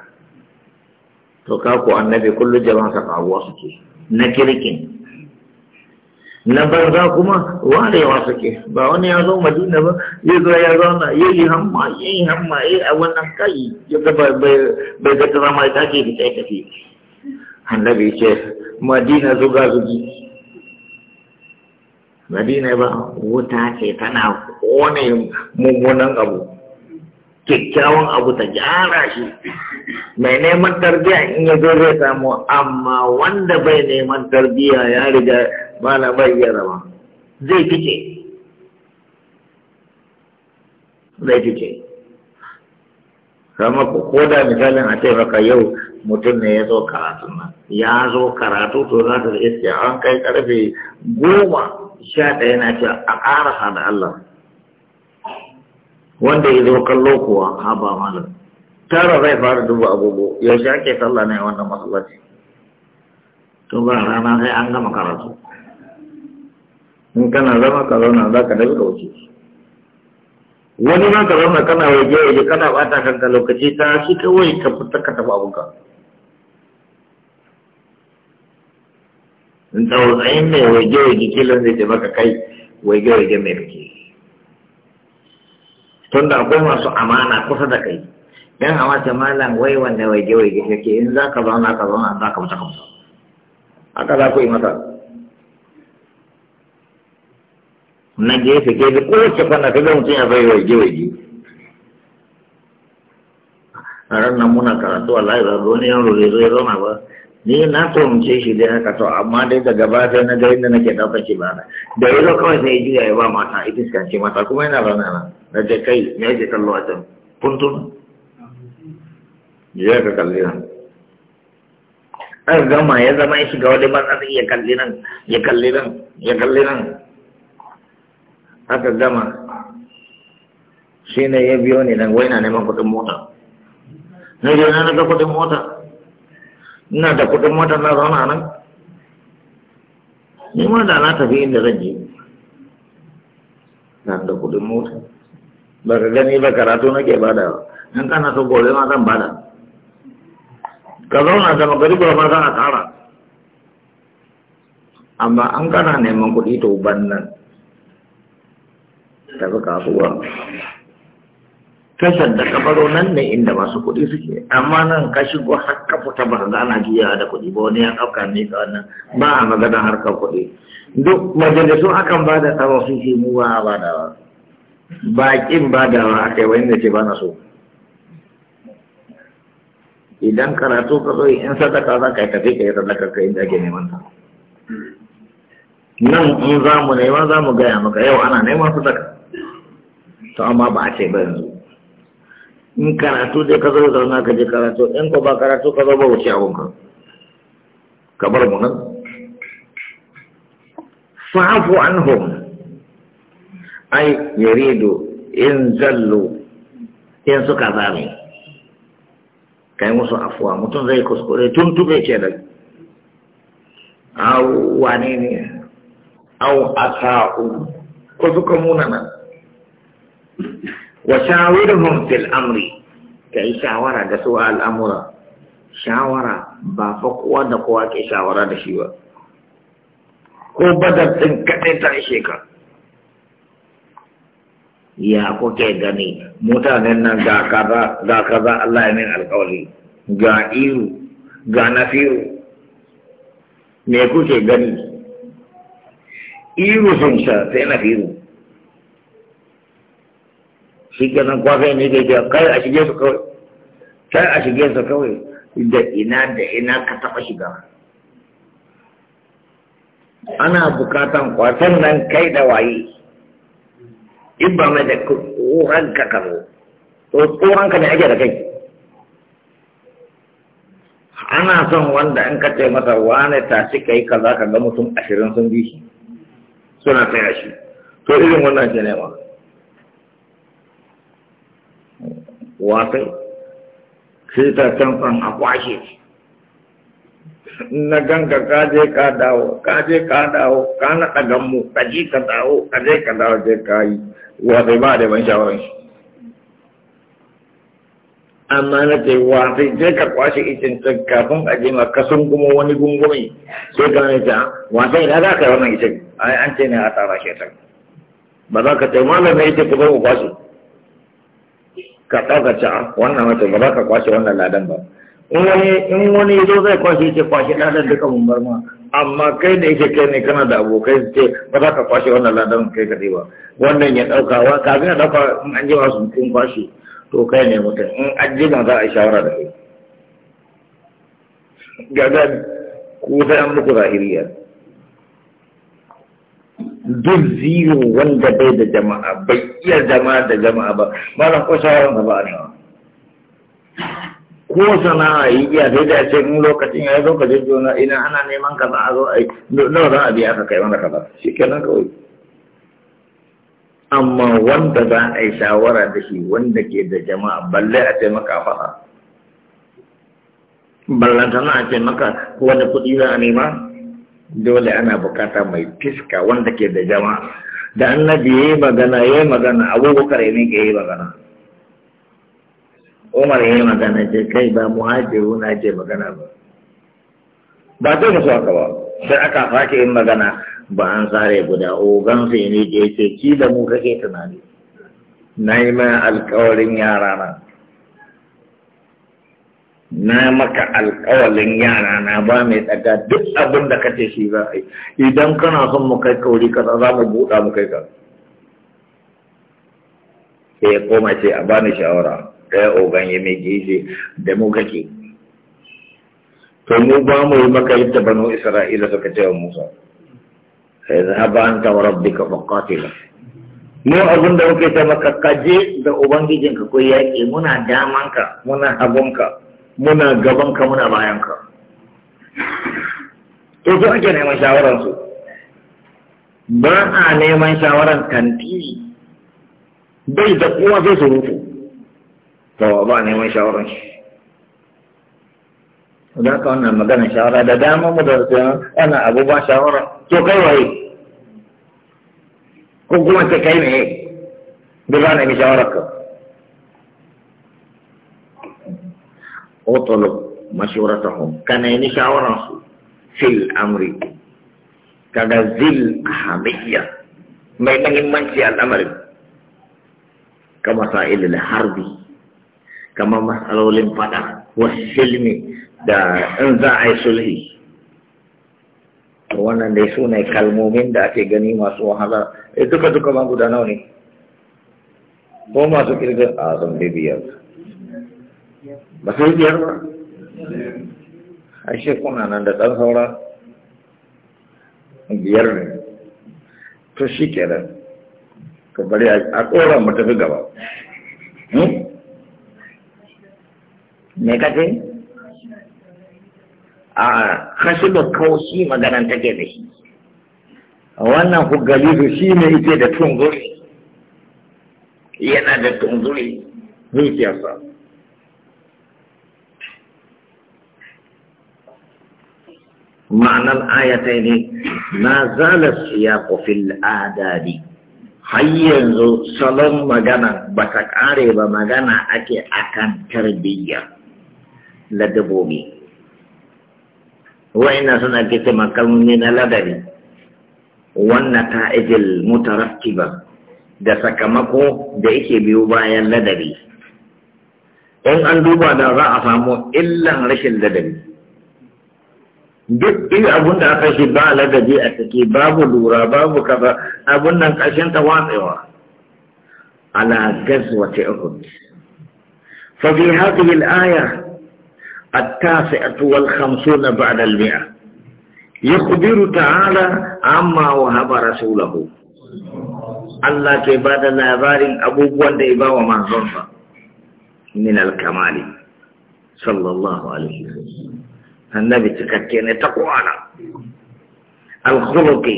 to ka ku annabi kullu jama'a sa wasu suke na kirkin na banza kuma warewa suke ba wani ya zo madina ba ya zo ya zauna ya yi hamma ya yi hamma ya a wannan kai ya zaba bai zaka ta zama ya take da tsaye tafi annabi ce madina zuga zugi madina ba wuta ce tana kone mummunan abu kyakkyawan abu ta gyara shi mai neman tarbiya in ya zo zai samu amma wanda bai neman tarbiya ya riga mana bai ya zai fice zai fice Kama ko da misalin a taimaka yau mutum ne ya zo karatu nan ya zo karatu to za ta iske an kai karfe goma sha ɗaya na ce a ƙarasa da Allah wanda ya zo kallo kuwa ba malam tara zai fara dubu agogo yaushe ake sallah ne wannan masallaci to ba rana sai an gama karatu in kana zama ka zauna za ka dabi da wuce wani ma ka zauna kana waje waje kana bata kanka lokaci ta shi kawai ka fita ka tafi abunka tsautsayin mai waje-waje kilon zai maka kai waje-waje mai kake tun da akwai masu amana kusa da kai yan a wata malam wai wanda waje-waje kake in za ka zauna ka zauna za ka mutu kamsa haka za ku yi masa na gefe gefe kowace fanna ga mutum ya bai waje-waje a ran nan muna karatu wallahi ba wani yaro zai zo ya zauna ba ni na tuhumce shi dai haka to amma dai daga ba sai na ga inda nake dauka shi ba da yanzu kawai sai juya ya ba mata ita ce mata kuma yana zaune na na je kai me yake kallo a can kuntun ya ka kalli nan aka gama ya zama ya shiga wani matsatsi ya kalli nan ya kalli nan ya kalli nan aka gama shi ne ya biyo ni nan wai na neman kuɗin mota na je na ga kuɗin mota ina da kudin mota na zauna nan ni ma da na tafi inda zan je na da kudin mota ba ka gani ba karatu nake bada in kana so gobe ma zan bada ka zauna da magariba ma za a kara amma an kana neman kuɗi to ban nan tafi kasuwa tashar da kabaro nan ne inda masu kuɗi suke amma nan ka shigo har ka fita ba ga ana jiya da kuɗi ba wani ya ɗauka ne ga wannan ba a magana harkar kuɗi duk majalisu akan ba da tsaro sun ce muwa ba da baƙin ba da ba aka yi wani da ce ba na so idan karatu ka zo in sadaka za ka yi tafi ka yi sadaka ka inda ake neman ta nan in za mu nema za mu gaya maka yau ana neman sadaka to amma ba a ce ba yanzu in karatu dai ka zo zauna ka je karatu in ko ba karatu ka zo ba wuce abunka ka bar mu nan fa'afu anhum ai yaridu in zallu in suka zame kai musu afuwa mutum zai kuskure tun tube ce da au wane ne au asa'u ko suka munana Amri shawara su al'amura shawara ba fa kowa da kowa ke shawara da shi ba ko badar ɗin kadai ta ishe ka ya kuke gani mutanen nan ga kaza ga kaza Allah ya min alƙawari ga iru ga nafiru me kuke gani iru sun sha sai nafiru shi kenan kwafe ne ke ce kai a shige su kawai kai a shige su kawai da ina da ina ka taɓa shiga ana bukatan kwasan nan kai da waye in ba mai da tsoronka ka zo to tsoronka ne ake da kai ana son wanda in ka ce masa wane ta shi kai kaza ka ga mutum ashirin sun bi shi suna tsaya shi to irin wannan ke nema wasai sai ta canfan a kwashe na ganka ka je ka dawo ka je ka dawo ka na ɗagan mu ka ji ka dawo ka je ka dawo je ka yi wasai ba da ban shawarar shi amma na ce wasai je ka kwashe itin can kafin a je ka kasan kuma wani gungumi sai ka ne ta wasai na za ka yi wannan itin ai an ce ne a tara shi ta ba za ka ce malamai ita ku zo ku kwashe ka ɗauka ca wannan wata ba za ka kwashe wannan ladan ba in wani in wani zo zai kwashe ce kwashe ladan duka mun bar ma amma kai da yake kai ne kana da abokai su ce ba za ka kwashe wannan ladan kai ka ba wannan ya ɗauka wa ka ya ɗauka in an je su kun kwashe to kai ne mutum in an je za a yi shawara da kai gaga ku sai an muku zahiriya duk zero wanda bai da jama'a bai iya zama da jama'a ba Ba ko shawaran ka ba a nawa ko sana'a yi iya sai da ce in lokacin ya zo ka je juna ina ana neman kaza a zo ai nawa za a biya ka kai mana kaza shikenan kawai amma wanda za a yi shawara da shi wanda ke da jama'a balle a taimaka fara ballantana a taimaka wani kuɗi za a nema dole ana bukata mai fiska wanda ke da jama'a da annabi ya yi magana ya yi magana abubakar ya miƙe ya yi magana umar ya yi magana ce kai ba muhajiru na ce magana ba ba zai musu aka ba sai aka fake yin magana ba an sare guda ogan sai ne da ya ce ki da mu kake tunani na yi mana alkawarin yara na na maka alkawalin yara na ba mai daga duk abin da kace shi za a yi idan kana son mu kai kauri kaza za mu buɗa mu kai ka sai ya koma ce a bani shawara ɗaya ogan ya mai gizi da mu kake to mu ba mu yi maka yadda banu isra'ila suka ce wa musa sai za ba an ta wara ka faƙatila mu abin da muke ta maka kaje da ubangijinka ko yaƙi muna damanka muna abunka muna gaban ka muna bayan ka to su ake neman shawaran su ba a neman shawaran kanti bai da kowa sai su rufu to ba a neman shawaran shi da ka wannan magana shawara da dama mu da ana abu ba shawara to kai waye ko kuma ta kai ne da za na bi shawarar ka otalub mashuratahum ka nemi shawararsu fil amri kaga zil ahamiyya mai mahimmanci al'amarin ka masailil harbi kama matsalolin fada wasu silmi da in za a yi sulhi wannan dai su ne kalmomin da ake gani masu wahala E duka duka ma guda nawa ne ko masu kirgin a zambibiyar ba sai biyar ba ashe kuna nan da ɗan saura biyar ne to shi nan to bari a ƙora mu tafi gaba hmm? me kace a kashi da shi maganan take da shi wannan hugalizu shi ne yake da tunzuri yana da tunzuri zuciyarsa ma'anar ayata ne na zalar siya kofin adadi har yanzu salon magana ba ta kare ba magana ake akan tarbiyya la dabobi wa ina suna kisa makalmi na ladabi, wannan ta'ijil mutarattiba da sakamako da yake biyu bayan ladari in an duba da za a samu illan rashin ladabi. duk duk abun da aka shi ba ladabi a take babu lura babu kafa abun nan kashin ta watsewa ala gazwati uhud fa fi hadhihi al-aya al-mi'a at-tasi'atu wal khamsuna ba'da yakhbiru ta'ala amma wa haba rasulahu Allah ke ba da labarin abubuwan da ya ba wa manzon sa min al-kamali sallallahu alaihi wasallam annabi cikakke ne ta kwana alkhuluqi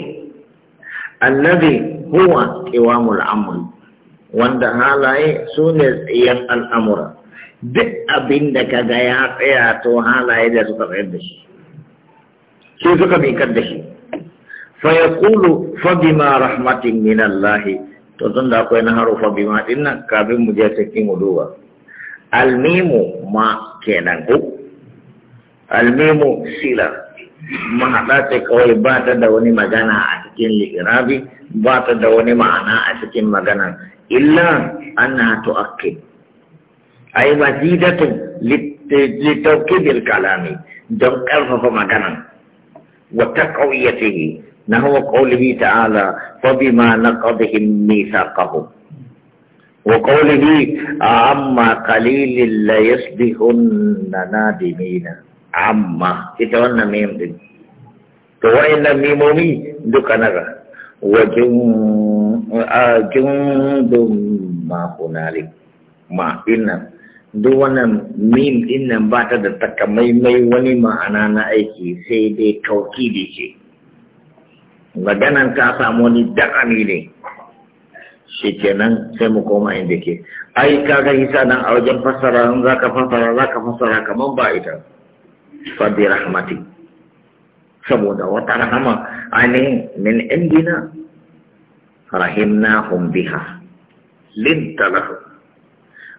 annabi huwa qiwamul amr wanda halaye su ne tsayen al'amura duk abin da ka ga ya tsaya to halaye da suka tsayar da shi shi suka mikar da shi fa yaqulu fa bima rahmatin min Allah to tun da akwai na harufa bima din kafin mu je cikin mu duba almimu ma kenan ko الميم سيلة mahaɗa ce kawai ba ta da wani magana a cikin li'irabi ba ta da wani ma'ana a cikin magana illa ana tu'akkid ay mazidatun litawkidil kalami don ƙarfafa maganan wa taqawiyatihi nahwa qawlihi ta'ala fa bima naqadhihim mithaqahum wa qawlihi amma qalilin la yasbihunna nadimina amma ita wannan mim din to wayannan mimomi duka wajen jundun ma ma inna duk wannan mim din nan ba ta da takamaimai wani ma'ana na aiki sai dai kauki da ce maganan ta samu ni dakami ne shi kenan sai mu koma inda ke ai kaga hisa nan a wajen fassara za ka fassara za ka fassara kamar ba ita fabi rahmati saboda wata rahama ani min indina hum biha linta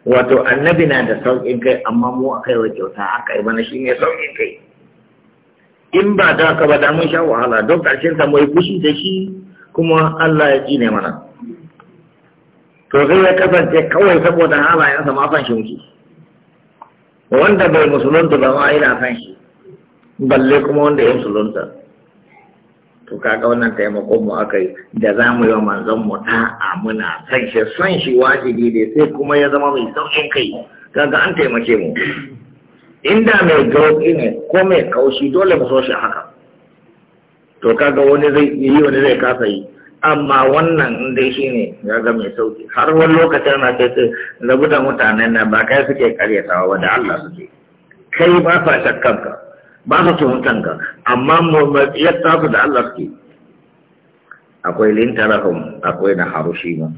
wato annabi na da sauƙin kai amma mu a wa kyauta aka yi mana shi ne sauƙin kai in ba da ka ba da mun sha wahala don ƙarshen sa mai fushi da shi kuma Allah ya ne mana to sai ya kasance kawai saboda halayensa mafan shi muke wanda bai musulunta ba ma ina kan shi balle kuma wanda ya musulunta to kaga wannan taimakon mu aka yi da za mu yi wa manzon mu ta'a muna san shi san shi wajibi ne sai kuma ya zama mai saukin kai kaga an taimake mu inda mai gauki ne ko mai kaushi dole mu so shi haka to kaga wani zai yi wani zai kasa yi amma wannan dai shi ne ga mai sauki har wani lokacin na ce ce rabu mutanen nan ba kai suke karyatawa ba da Allah suke kai ba sa shakkanka ba sa tuhumtanka amma mummatsiyar tasu da Allah suke akwai lintarahum akwai na harushi ma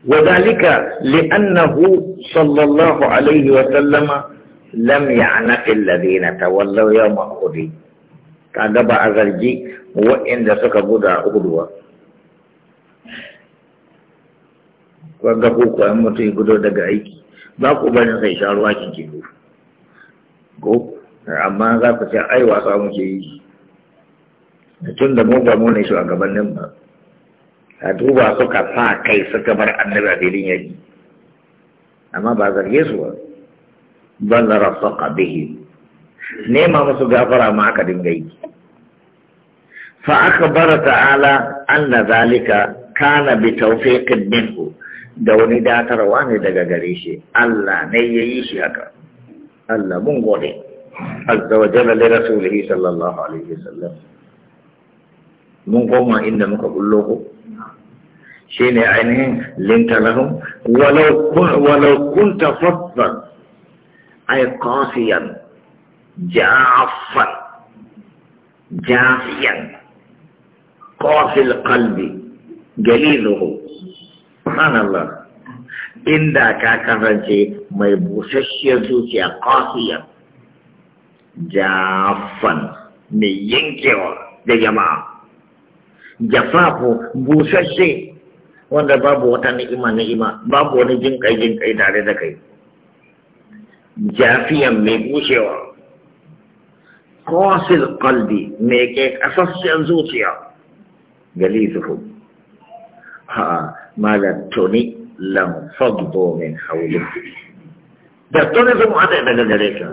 وذلك لأنه صلى الله عليه وسلم لم يعنف الذين تولوا يوم أحد a zargi. wa'inda suka guda uku wanda ko kuwa mutum ya gudu daga aiki ba ku barin sai sha ruwa ki ke ko amma za ku ce ai wasa muke yi tun da mu ba mu ne shugabannin ba a duba suka sa kai suka bar annabi a filin yaji. amma ba zarge su ba balla rafaqa bihi nema musu gafara ma aka dinga yi فأخبر تعالى أن ذلك كان بتوفيق منه دوني داتر واني دقا قريشي الله نييشي هكا الله منغولي عز وجل لرسوله صلى الله عليه وسلم منغوما إنما كبلوه شين عينهم لنت لهم ولو, ولو كنت فظا أي قاسيا جافا جافيا قاسي القلب جليله سبحان الله inda ka kasance mai busasshiyar zuciya kafiyar jafan mai yankewa da jama'a jafafu busasshe wanda babu wata ni'ima ni'ima babu wani jinkai jinkai tare da kai jafiyan mai bushewa kosil kalbi mai ke kasasshiyar zuciya galisuhu ha malam tuni lam faddo min hawli da tuni sun hada daga gare ka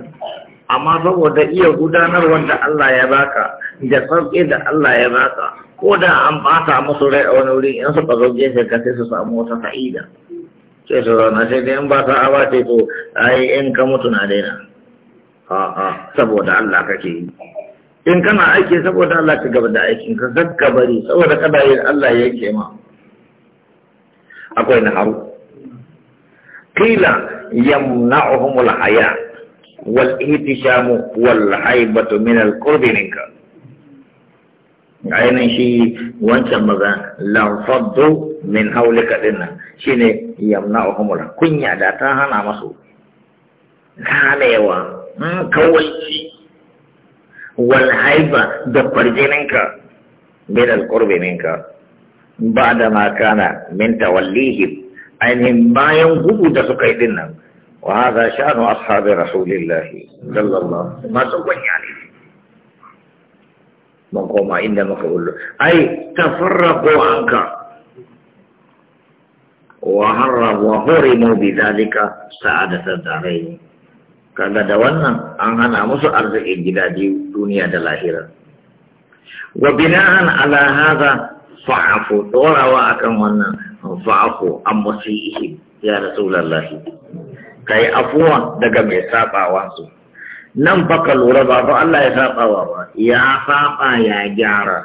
amma saboda iya gudanar wanda Allah ya baka da sauƙi da Allah ya baka ko da an bata musu rai a wani wuri in suka zo gefe ka sai su samu wata sa'ida sai su zauna sai dai in ba ta awa ce to ai in ka mutu na daina a'a saboda Allah kake yi in kana aiki saboda Allah ka gaba da aikin ka zakka bari saboda kada yin Allah ya yanke ma akwai naharu qila yamna'uhumul haya wal ihtishamu wal haibatu min al qurbi minka ainihin shi wancan maza lamfaddu min haulika dinnan shine yamna'uhumul kunya da ta hana masu kanewa kawai والهيبة دبرجي منك من القرب منك بعدما كان من توليهم أنهم ما ينقبوا دسكي وهذا شأن أصحاب رسول الله صلى الله عليه وسلم ما سوى يعني من قوم إنما قول أي تفرقوا عنك وهرب وهرموا بذلك سعادة الدارين kaga da wannan an hana musu arzikin gidaje duniya da lahira wa bina'an ala hadha fa'afu dorawa akan wannan fa'afu an musihi ya rasulullahi kai afuwa daga mai sabawa su nan baka lura ba Allah ya sabawa ba ya saba ya gyara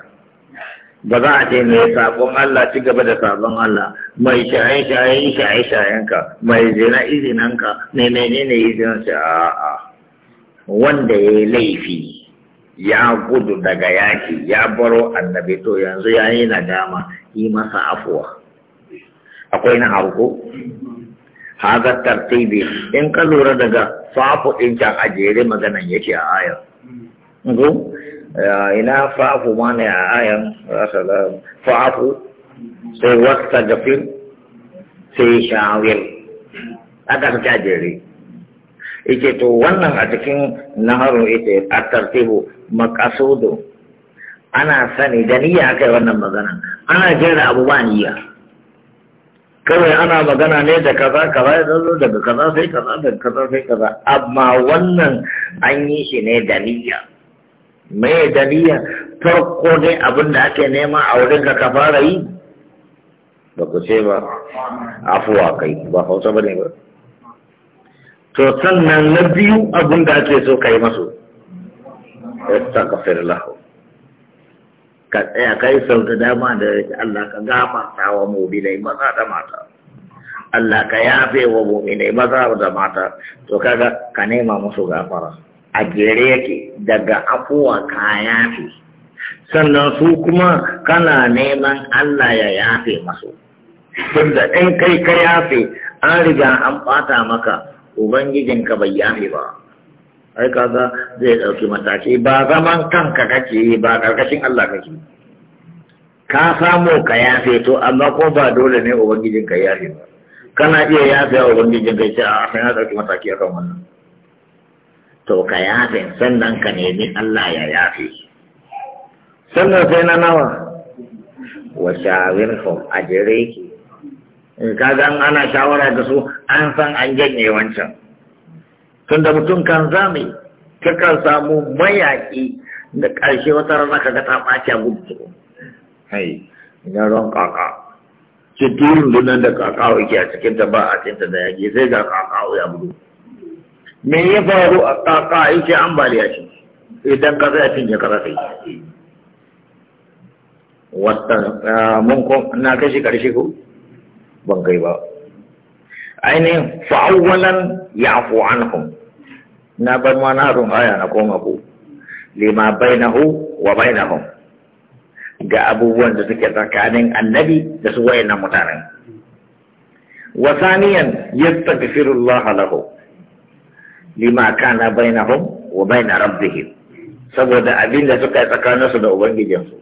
ba za a ce mai sabon Allah ci gaba da sabon Allah mai shaye shaye shaye ka mai zina izinanka mai menene izinan shi a wanda ya yi laifi ya gudu daga yaki ya baro annabi to yanzu ya yi nadama yi masa afuwa akwai na harko haza tartibi in ka lura daga fafo ɗin can a jere maganan yake a ayar ina fa'afu ma ne a ayan fa'afu sai wasta gafin sai shawil aka fi jajere ike to wannan a cikin naharun ita a tartibu makasudu ana sani da niyya kai wannan magana ana jera abu ba niyya kawai ana magana ne da kaza kaza ya zo daga kaza sai kaza daga kaza sai kaza amma wannan an yi shi ne da niyya Mai da farko ne abin da ake nema a wurin ka ka fara yi ba ku ce ba afuwa kai ba hausa ba ne ba to sannan na biyu abin da ake so ka yi masu istaghfir lahu ka tsaya kai sau da dama da Allah ka gama ta wa mu'minai maza da mata Allah ka yafe wa mu'minai maza da mata to kaga ka nema musu gafara a gere yake daga afuwa ka yafe sannan su kuma kana neman Allah ya yafe masu tunda in kai ka yafe an riga an ɓata maka ubangijinka bai yafe ba ai kaga zai ɗauki mataki ba zaman kanka kake yi ba ƙarƙashin Allah kake ka samu ka yafe to amma ko ba dole ne ubangijinka yafe ba kana iya yafe a ubangijinka ya ce a sai na ɗauki mataki akan wannan to ka yafe sannan ka nemi Allah ya yafe sannan sai na nawa wa shawirhum ka kaga ana shawara da su an san an janye wancan tunda mutum kan zame kakan samu mayaki da ƙarshe wata rana ka ga ta ɓaci a gudu hai ina ron kaka ce durin da kaka ke a cikin ta ba a cikin ta da yaƙi sai ga kakawa ya gudu me ya faru a ƙaƙa yake ambaliya shi idan ka zai cinye ka rafi wata mun na kashi ƙarshe ko ban kai ba ainihin fa'awwalan ya'fu anhum na bar ma na run aya na koma ku lima bainahu wa bainahum ga abubuwan da suke tsakanin annabi da su na mutanen wasaniyan yastaghfirullah lahu lima kana bainahum wa baina rabbihim saboda abin da suka yi su da ubangijinsu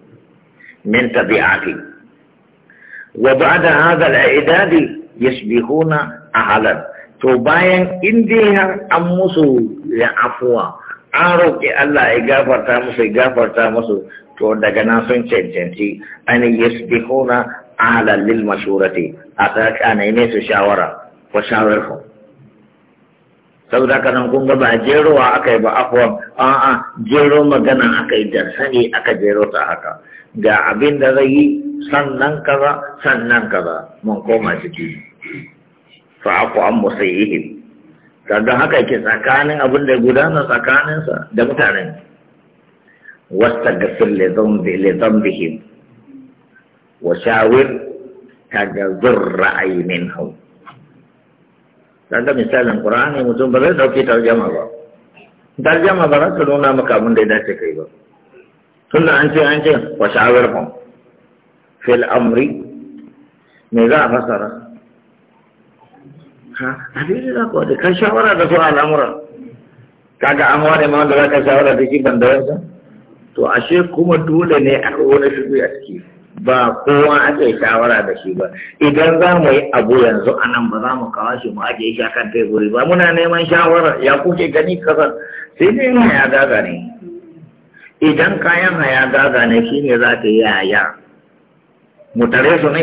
min tabi'ati wa ba'da hadha al-i'dadi yashbihuna ahalan to bayan in an musu ya afuwa an roƙi Allah ya gafarta musu ya gafarta musu to daga nan sun cancanci an yashbihuna ahalan lil mashurati a tsakanin ne su shawara wa shawarhum saboda haka nan kun ga ba jerowa aka yi ba afuwan a'a jero magana aka yi da sani aka jero ta haka ga abin da zai yi sannan kaza sannan kaza mun koma ciki fa aku an musayihi kaga haka yake tsakanin abin da gudana tsakaninsa da mutanen wasta gafir le zambihim wa shawir kaga zur ra'ayi hau. kaga misalin qur'ani mutum ba zai dauki tarjama ba tarjama ba za ta nuna maka abin da ya dace kai ba tunda an ce an ce wa sha'awirhum fil amri me za a fasara ha abin da za da kan shawara da su al'amura kaga an ware ma wanda za ka shawara da shi ban da yansa to ashe kuma dole ne a wani shigo a ciki ba kowa ake shawara da shi ba idan za mu yi abu yanzu a nan ba za mu kawo shi mu ajiye shi akan teburi ba muna neman shawara ya kuke gani kasa sai dai ina ya gaga ne idan kayan haya gaga ne shi ne za ta yi haya mu tare su ne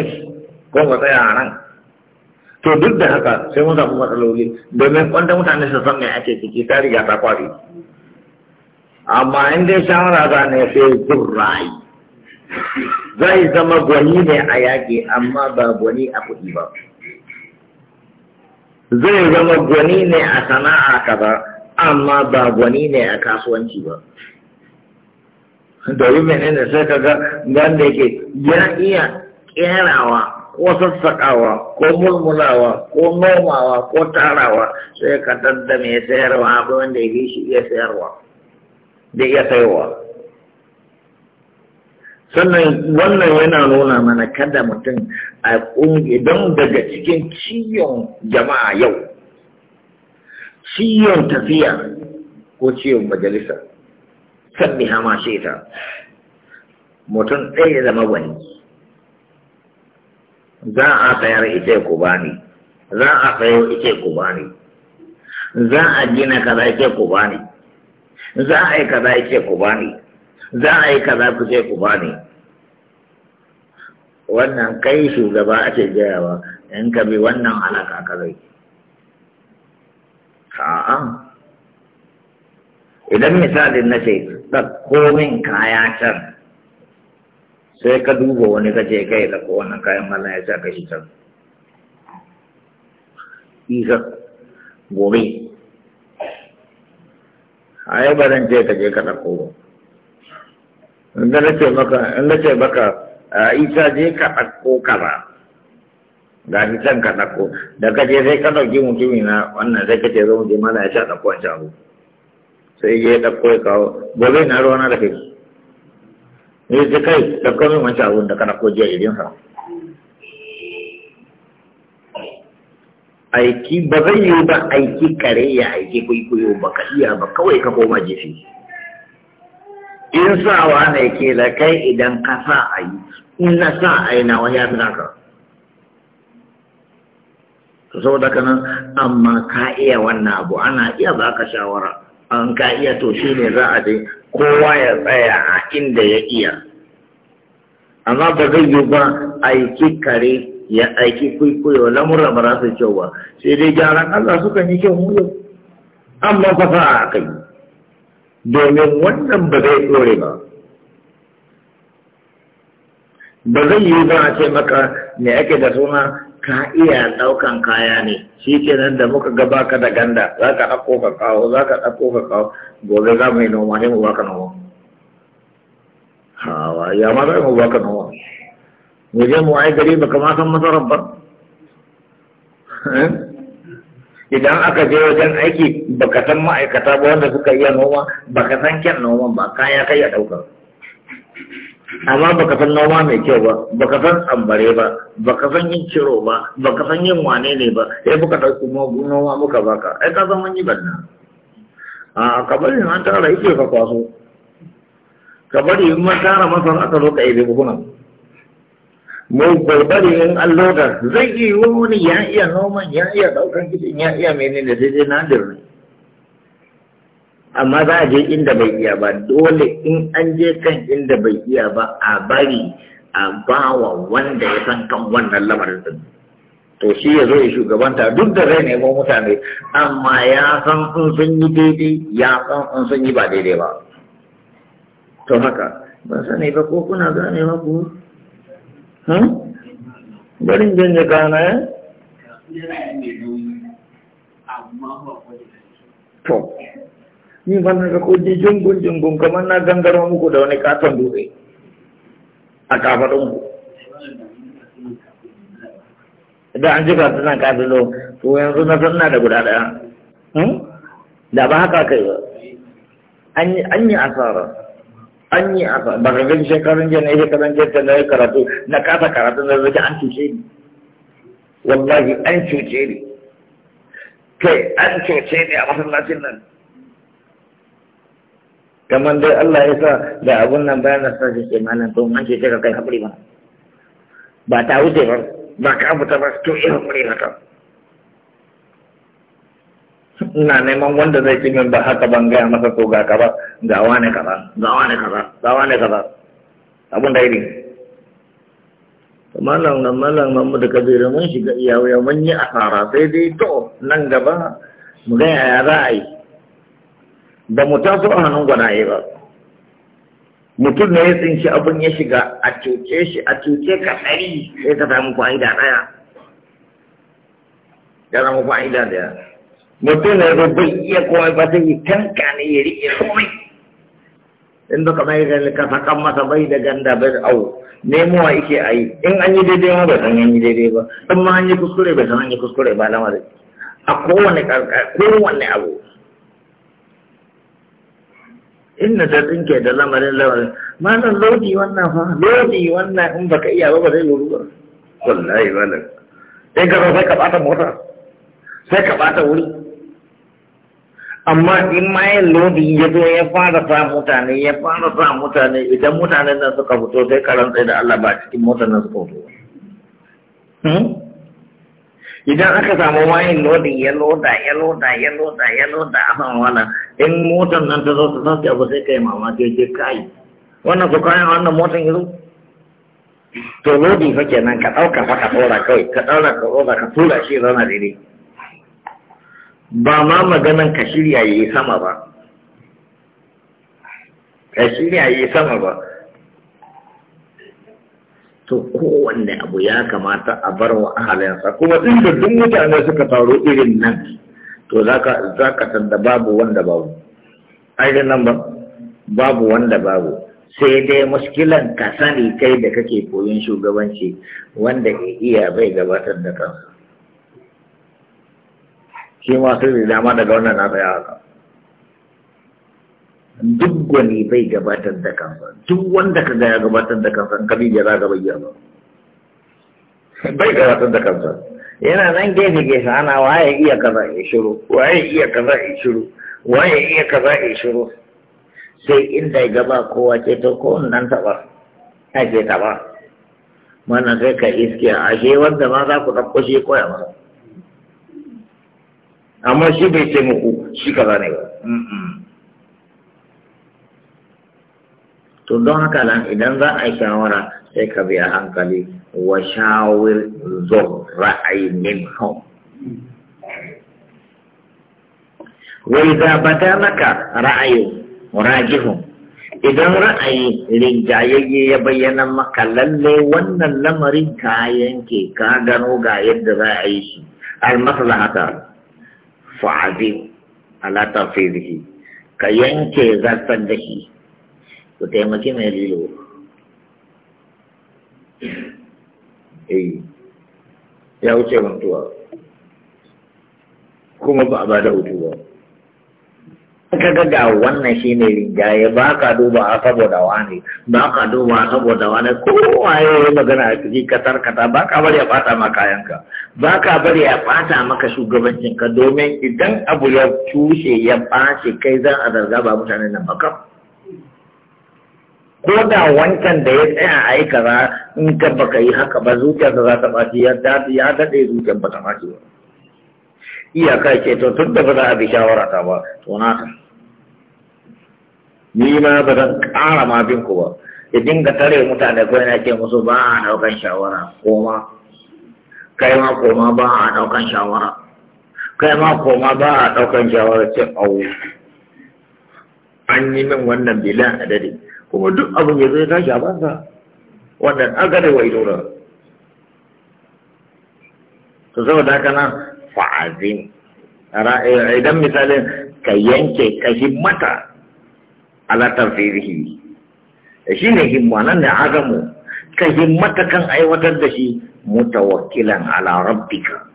ko mu tsaya a nan to duk da haka sai mun samu matsaloli domin kwanta mutane su san me ake ciki ta riga ta kwari amma in dai shawara za ne sai jin zai zama gwani ne a yaƙi amma ba gwani a kuɗi ba zai zama gwani ne a sana'a kaza amma ba gwani ne a kasuwanci ba domin menene sai ka ga wanda yake ya iya ƙerawa ko sassaƙawa ko mulmulawa ko nomawa ko tarawa sai ka daddame sayarwa abin wanda ya shi iya sayarwa da iya sayarwa sannan wannan yana nuna mana kada mutum a idan daga cikin ciyon jama'a yau ciyon tafiya ko ciyon majalisa sabbi hama sheta mutum ɗaya zama wani za a tsayar ita ku bani za a tsayo ita ku bani za a gina kaza ita ku bani za a yi kaza ita ku bani za a yi kaza ku sai ku bani wannan kai shugaba a ce jayawa in ka bi wannan alaka ka zai a'a idan misalin na ce ɗauko min kaya can sai ka duba wani ka ce kai ɗauko wannan kayan mallan ya sa ka shi can isa gobe a yi ba zan ce ka je ka ɗauko ba da na ce maka in na ce maka isa je ka ɗauko kaza ga ni can ka ɗauko da ka je sai ka ɗauki mutumi na wannan sai ka ce zo muje mana ya sha ɗauko wancan abu sai je ya ɗauko ya kawo gobe na ruwa na da kai ne ce kai ɗauko min wancan abu da ka ɗauko jiya irin sa aiki ba zai yi ba aiki kare ya aiki kwaikwayo ba ka iya ba kawai ka koma jefi in sawa ne ke da kai idan ka sa a yi in na sa a yi nawa ya fi naka to da kana amma ka iya wannan abu ana iya baka shawara an ka iya to shi ne za a dai kowa ya tsaya a inda ya iya amma ba zai yi ba aiki kare ya aiki kwaikwayo lamurra ba za su kyau ba sai dai gyaran Allah sukan yi kyau mu yau amma sa a kai domin wannan ba zai ɗore ba ba zai yi ba a ce maka me ake da suna ka iya ɗaukan kaya ne shi kenan da muka gaba ka da ganda za ka ɗauko ka kawo za ka ɗauko ka kawo gobe za mu yi noma ne mu baka noma hawa ya ma za mu baka noma mu je mu ai gari ba kama masarar ba eh? idan aka je wajen aiki baka san ma'aikata ba wanda suka iya noma baka san kyan noman ba kaya kai ya ɗauka. amma baka san noma mai kyau ba baka san ambare ba baka san yin ciro ba baka san yin wane ne ba sai buka ɗauki noma muka baka ai ka san yi banna a yin an tara ike ka kwaso Kamar in ma tara masara aka zo ka yi bukunan mai gwargwari in alloda, zai yi wani ya iya noman ya iya daukar kicin ya iya menene sai dai na ne amma za a je inda bai iya ba dole in an je kan inda bai iya ba a bari a bawa wanda ya san kan wannan lamarin din to shi ya zo ya shugabanta duk da zai nemo mutane amma ya san in sun yi daidai ya san in sun yi ba daidai ba to haka ban sani ba ko kuna gane ba ku garin janye kana ya to ni ban na ga koji jungun jungun kamar na gangarwa muku da wani katon dutse a kafadun ku idan an jika ta nan kafilo to yanzu na sanna da guda daya hmm? da ba haka kai ba an yi asara an yi a ba shekarun jiya na yi shekarun jiya ta na ya karatu na kasa karatu na zaki an cuce ni wallahi an cuce ni kai an cuce ni a masallacin nan kamar dai Allah ya sa da abun nan bayan na sa ke malam to an cuce ka kai haƙuri ba ba ta wuce ba ba ka fita ba to iya haƙuri ba ta ina neman wanda zai fi min ba haka ban gaya masa to ga kaza ga wane kaza ga wane kaza ga wane kaza abun da irin malam na malam mamu da kabiru mun shiga iyawa mun yi asara sai dai to nan gaba mu ga yaya za a yi ba mu taso a hannun gwanaye ba mutum ne ya tsinci abin ya shiga a cuce shi a cuce ka ɗari sai ka samu fa'ida ɗaya ya samu fa'ida ɗaya mutum ne da bai iya komai ba zai yi tanka ne ya riƙe komai in baka mai da ka sakan masa bai da ganda bai da au nemowa yake a yi in an yi daidai ma bai san an yi daidai ba in ma an yi kuskure bai san an yi kuskure ba lamarin a kowane karkar kowane abu na ta tsinke da lamarin lamarin ma nan lodi wannan fa lodi wannan in baka iya ba ba zai lura ba wallahi malam sai ka sai ka bata mota sai ka bata wuri amma in ma yin lodi ya zo ya fara sa mutane ya fara sa mutane idan mutane nan suka fito sai karan tsaye da Allah ba cikin motar nan suka fito hmm? idan aka samu wayin lodin ya loda ya loda ya loda ya loda a kan wala in motar nan ta zo ta sauke abu sai kai mamaki ya ce kai wannan su kayan wannan motar ya zo to lodi fa kenan ka ɗauka fa ka ɗora kawai ka ɗaura ka ɗora ka tura shi rana daidai ba ma maganan ka shirya ya yi sama ba ka shirya ya yi sama ba to kowanne abu ya kamata a bar wa ahalinsa kuma inda duk mutane suka taro irin nan to za ka da babu wanda babu ainihin nan ba babu wanda babu sai dai muskilan ka sani kai da kake koyon shugabanci wanda ya iya bai gabatar da kansa shi ma sai da dama daga wannan na tsaya haka duk wani bai gabatar da kansa duk wanda ka ga ya gabatar da kansa ka bi jira ga bayyana bai gabatar da kansa yana nan gefe gefe ana waye iya kaza ya shiru waye iya kaza ya shiru waye iya kaza ya shiru sai inda ya gaba kowa ce to ko nan taba ake taba mana sai ka iskiya ashe wanda ma za ku ɗauko shi koya masa amma shi bai ce muku shi kaza ne ba to don haka nan idan za a yi shawara sai ka biya hankali wa shawir zo ra'ayi min hau wai da bata maka ra'ayin, rajihun idan ra'ayi rinjayayye ya bayyana maka lalle wannan lamarin ka yanke ka gano ga yadda za a yi shi al maslahata fa'azim ala tafizihi ka yanke zartar da shi ku taimaki mai lilo eh ya wuce mantuwa kuma ba a ba da hutu ba ka ga ga wannan shi ne rinjaye ba ka duba a saboda wani ba ka duba a saboda wani ya yi magana a ciki ka kata ba ka bari ya bata ma kayanka ba ka bari a bata maka shugabancinka domin idan abu ya cushe ya bace kai zan a zarga ba mutanen nan baka ko da wancan da ya tsaya a yi kaza in ka baka yi haka ba zuciyarsa za ta ɓaci ya daɗe zuciyar ba ta ɓaci ba iyaka ce to tun da ba za a bi shawara ta ba to na ta ni ma ba zan ƙara ma bin ku ba ya dinga tare mutane ko yana ce musu ba a ɗaukan shawara koma kai ma koma ba a ɗaukan shawara kai ma koma ba a ɗaukan shawara ce awo an yi min wannan bilan adadi kuma duk abin ya zai tashi a banza wannan agare wa idora to saboda haka nan fa'azim eh, idan misalin ka yanke ka himmata ala tafsirihi eh, shi ne himma nan da azamu ka himmata kan aiwatar da shi mutawakkilan ala rabbika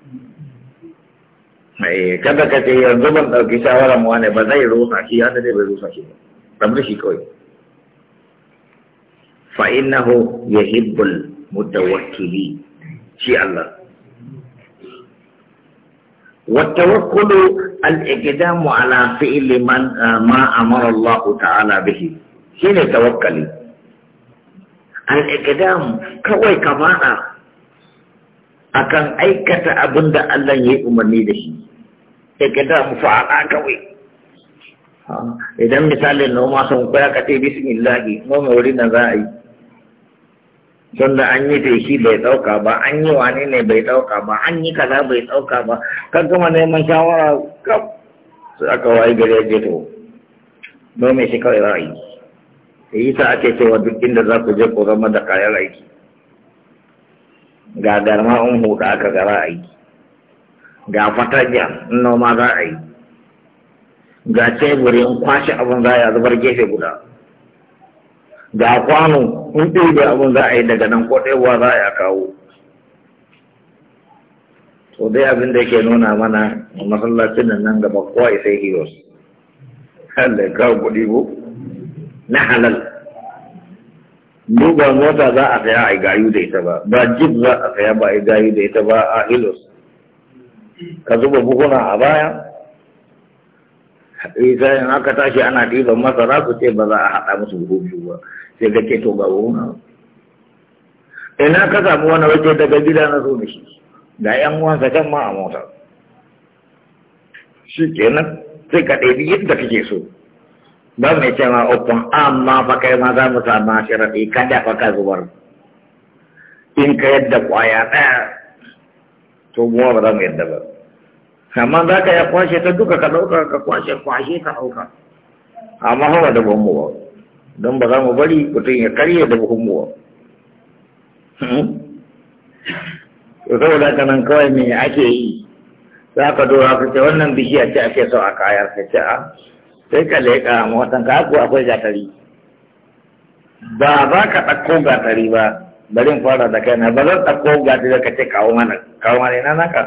eh, kada ka ce yanzu ban ɗauki shawarar mu ne ba zai rusa shi ya dai bai rusa shi ba rabu shi kawai fa innahu yuhibbul mutawakkili shi Allah والتوكل الاقدام على فعل من ما امر الله تعالى به هنا توكل الاقدام kawai كما akan aikata abin da Allah ya yi umarni da shi, ya gada mu kawai. Idan misalin noma sun kwaya ka ce bismillahi, wuri na za a yi, tunda an yi feshi bai ɗauka ba an yi wane ne bai ɗauka ba an yi kaza bai ɗauka ba kan kuma neman shawara kaf su aka wayi gare je to mai shi kawai ra'ayi da yi ta ake cewa duk inda za ku je ku zama da kayan aiki ga garma in huɗa aka ga ra'ayi ga fatajiya in noma za a yi ga teburin kwashe abin za a zubar gefe guda ga kwano in ɗaya abin za a yi daga nan ko kwaɗewa za a kawo to dai abin da yake nuna mana a masallacin nan nan gaba kowa isa hiyos Allah kawo kuɗi ko na halal duba mota za a saya a gayu da ita ba ba jib za a saya ba a gayu da ita ba a hilos ka zuba buhuna a baya eh, sai in aka tashi ana ɗiban masara su ce ba za a haɗa musu buhu ba sai ga ce to ga wuna ina ka samu wani waje daga gida na zo da shi ga yan uwansa can ma a mota shi kenan sai ka ɗebi yadda kake so ba mai cewa ukun amma fa kai ma za mu samu sharaɗi kada fa ka zubar in ka yadda kwaya ɗaya to kuma ba za mu yadda ba amma za ka ya kwashe ta duka ka ɗauka ka kwashe kwashe ka ɗauka amma hawa da ban ba don ba za mu bari mutum ya karye da buhun buwa hmm? to saboda ka nan kawai me ake yi za ka dora ka ce wannan bishiya ce ake so a kayar ka ce a ah, sai ka leƙa ma watan ka haku akwai gatari ba za ka ɗauko gatari ba bari in fara da na ba zan ɗauko gatari ka ce kawo mana kawo mana ina naka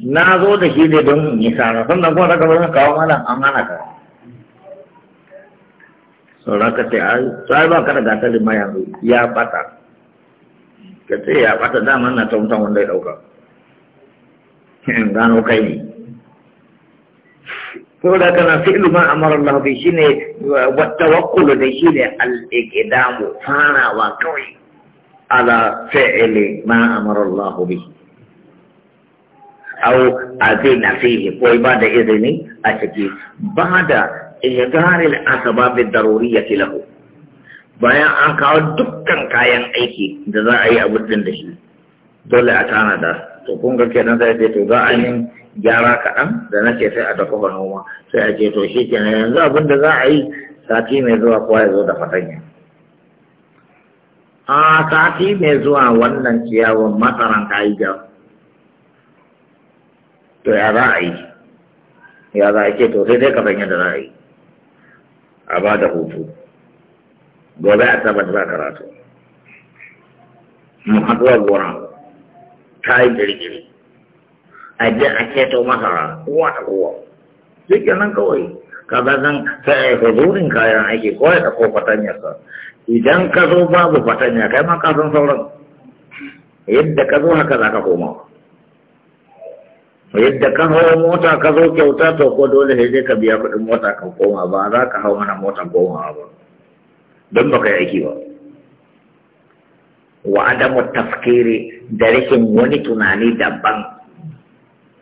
na zo da shi ne don nisa na sana sannan kuma ka bari kawo mana an hana ka sauran ka ce ai ah, sai ba ka da gatar ma ya bata ka ce ya bata dama na ta mutan wanda ya dauka gano kai ne saboda kana fi'lu ma amara Allah bi shine wa tawakkul da shine al Fana wa kawai ala fi'li ma amara Allah bi au azina fihi ko ba da izini a ciki ba إيجار الأسباب الضرورية lahu bayan an kawo dukkan kayan aiki da za a yi abin da shi dole a tanada to kun ga kenan sai ce to za a yi gyara kaɗan da na ce sai a ba noma sai a ce to shi kenan yanzu abin da za a yi sati mai zuwa kowa ya zo da fatanya a sati mai zuwa wannan ciyawan masaran ta yi ga? to ya za a yi ya za a ce to sai dai ka fanya da za a yi a ba da hutu gobe a tabbata ba karatu mu haɗuwa gora ta yi girgiri a je a keto masara uwa da uwa shi nan kawai ka ga zan sai ka zurin kayan aiki ko ya fatanya ka idan ka zo babu fatanya kai ma ka san sauran yadda ka zo haka za ka koma yadda ka hawa mota ka zo kyauta to ko dole sai ka biya kuɗin mota ka koma ba za ka hau mana mota koma ba don ba ka yi aiki ba wa adamu tafkiri da rikin wani tunani daban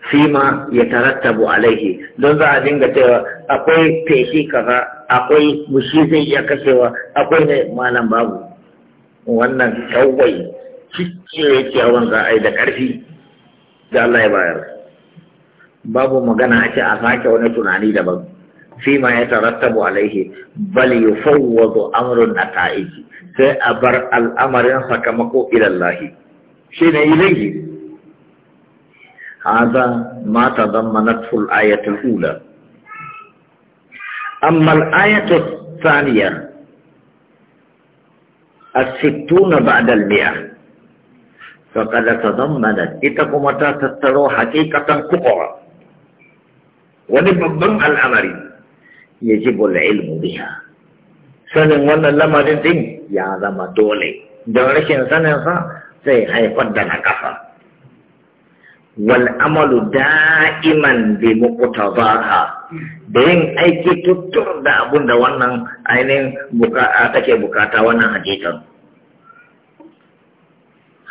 fima ya tarattabu alaihi don za a dinga cewa akwai feshi kaza akwai mushi zai iya kashewa akwai ne malam babu wannan kawai cikin ciyawan za a yi da ƙarfi da Allah ya bayar babu magana a ce a sake wani tunani daban fi ma ya tarattabu alaihi bal yufawwadu amrun nata'iji sai a bar al'amarin sakamako ilallahi shine ilahi هذا ما تضمنته الآية الأولى أما الآية sittuna الستون بعد المئة فقد تضمنت إتكم تتترو حقيقة كبرى wani babban al'amari ya ji bula ilmu biya sanin wannan lamarin din ya zama dole don rashin sanin sa zai haifar da na kafa wal'amalu amalu da'iman bi ka? da yin aiki tuttur da abun da wannan ainihin bukata take bukata wannan hakikan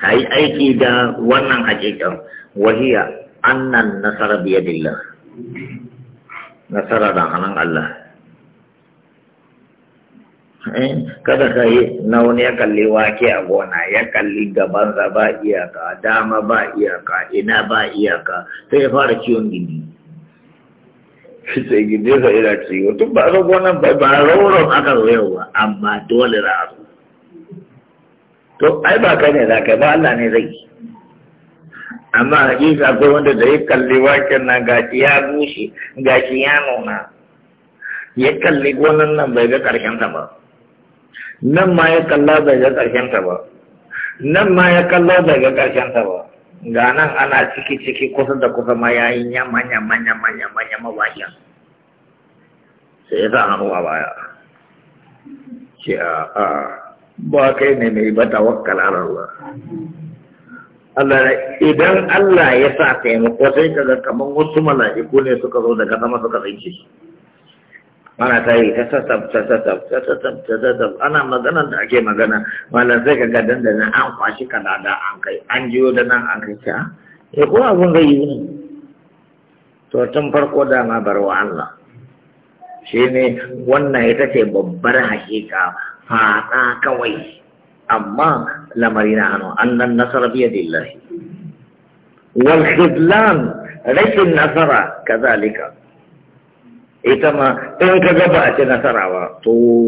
a yi aiki da wannan hakikan wahiya annan nasara biyadillah nasara da hannun Allah eh, kada ka yi na wani ya kalli wake a gona ya kalli za ba iyaka dama ba iyaka ina ba iyaka sai ya fara ciwon gini. sai gini sai ina ciwo tun ba zo gonan ba ba rauron aka zo yau ba amma dole za a to ai ba kai ne za ka ba Allah ne zai amma hakika akwai wanda da ya kalli waken nan gashi ya bushe gashi ya nuna ya kalli gonan nan bai ga ƙarshen ta ba nan ma ya kalla bai ga ƙarshen ta ba nan ma ya kalla bai ga ƙarshen ta ba ga nan ana ciki ciki kusa da kusa ma yi ya manya manya manya manya mawaken sai ya sa hannu a baya ce a ba kai ne mai ba tawakkal ala Allah idan Allah ya sa taimako sai ka kaman kamar wasu mala'iku ne suka zo daga sama suka tsinke mana ta yi ta sassab ta sassab ta ta ana maganar da ake magana zai sai ka da dandana an kwashi da an kai an jiyo da nan an kai ta ya eh, ko abun da yi ne to tun farko da ma bar wa Allah shine wannan ita ce babbar hakika fada kawai اما لمرينا انو ان النصر بيد الله والخذلان ليس النصر كذلك ايتما ان كذب ات نصر و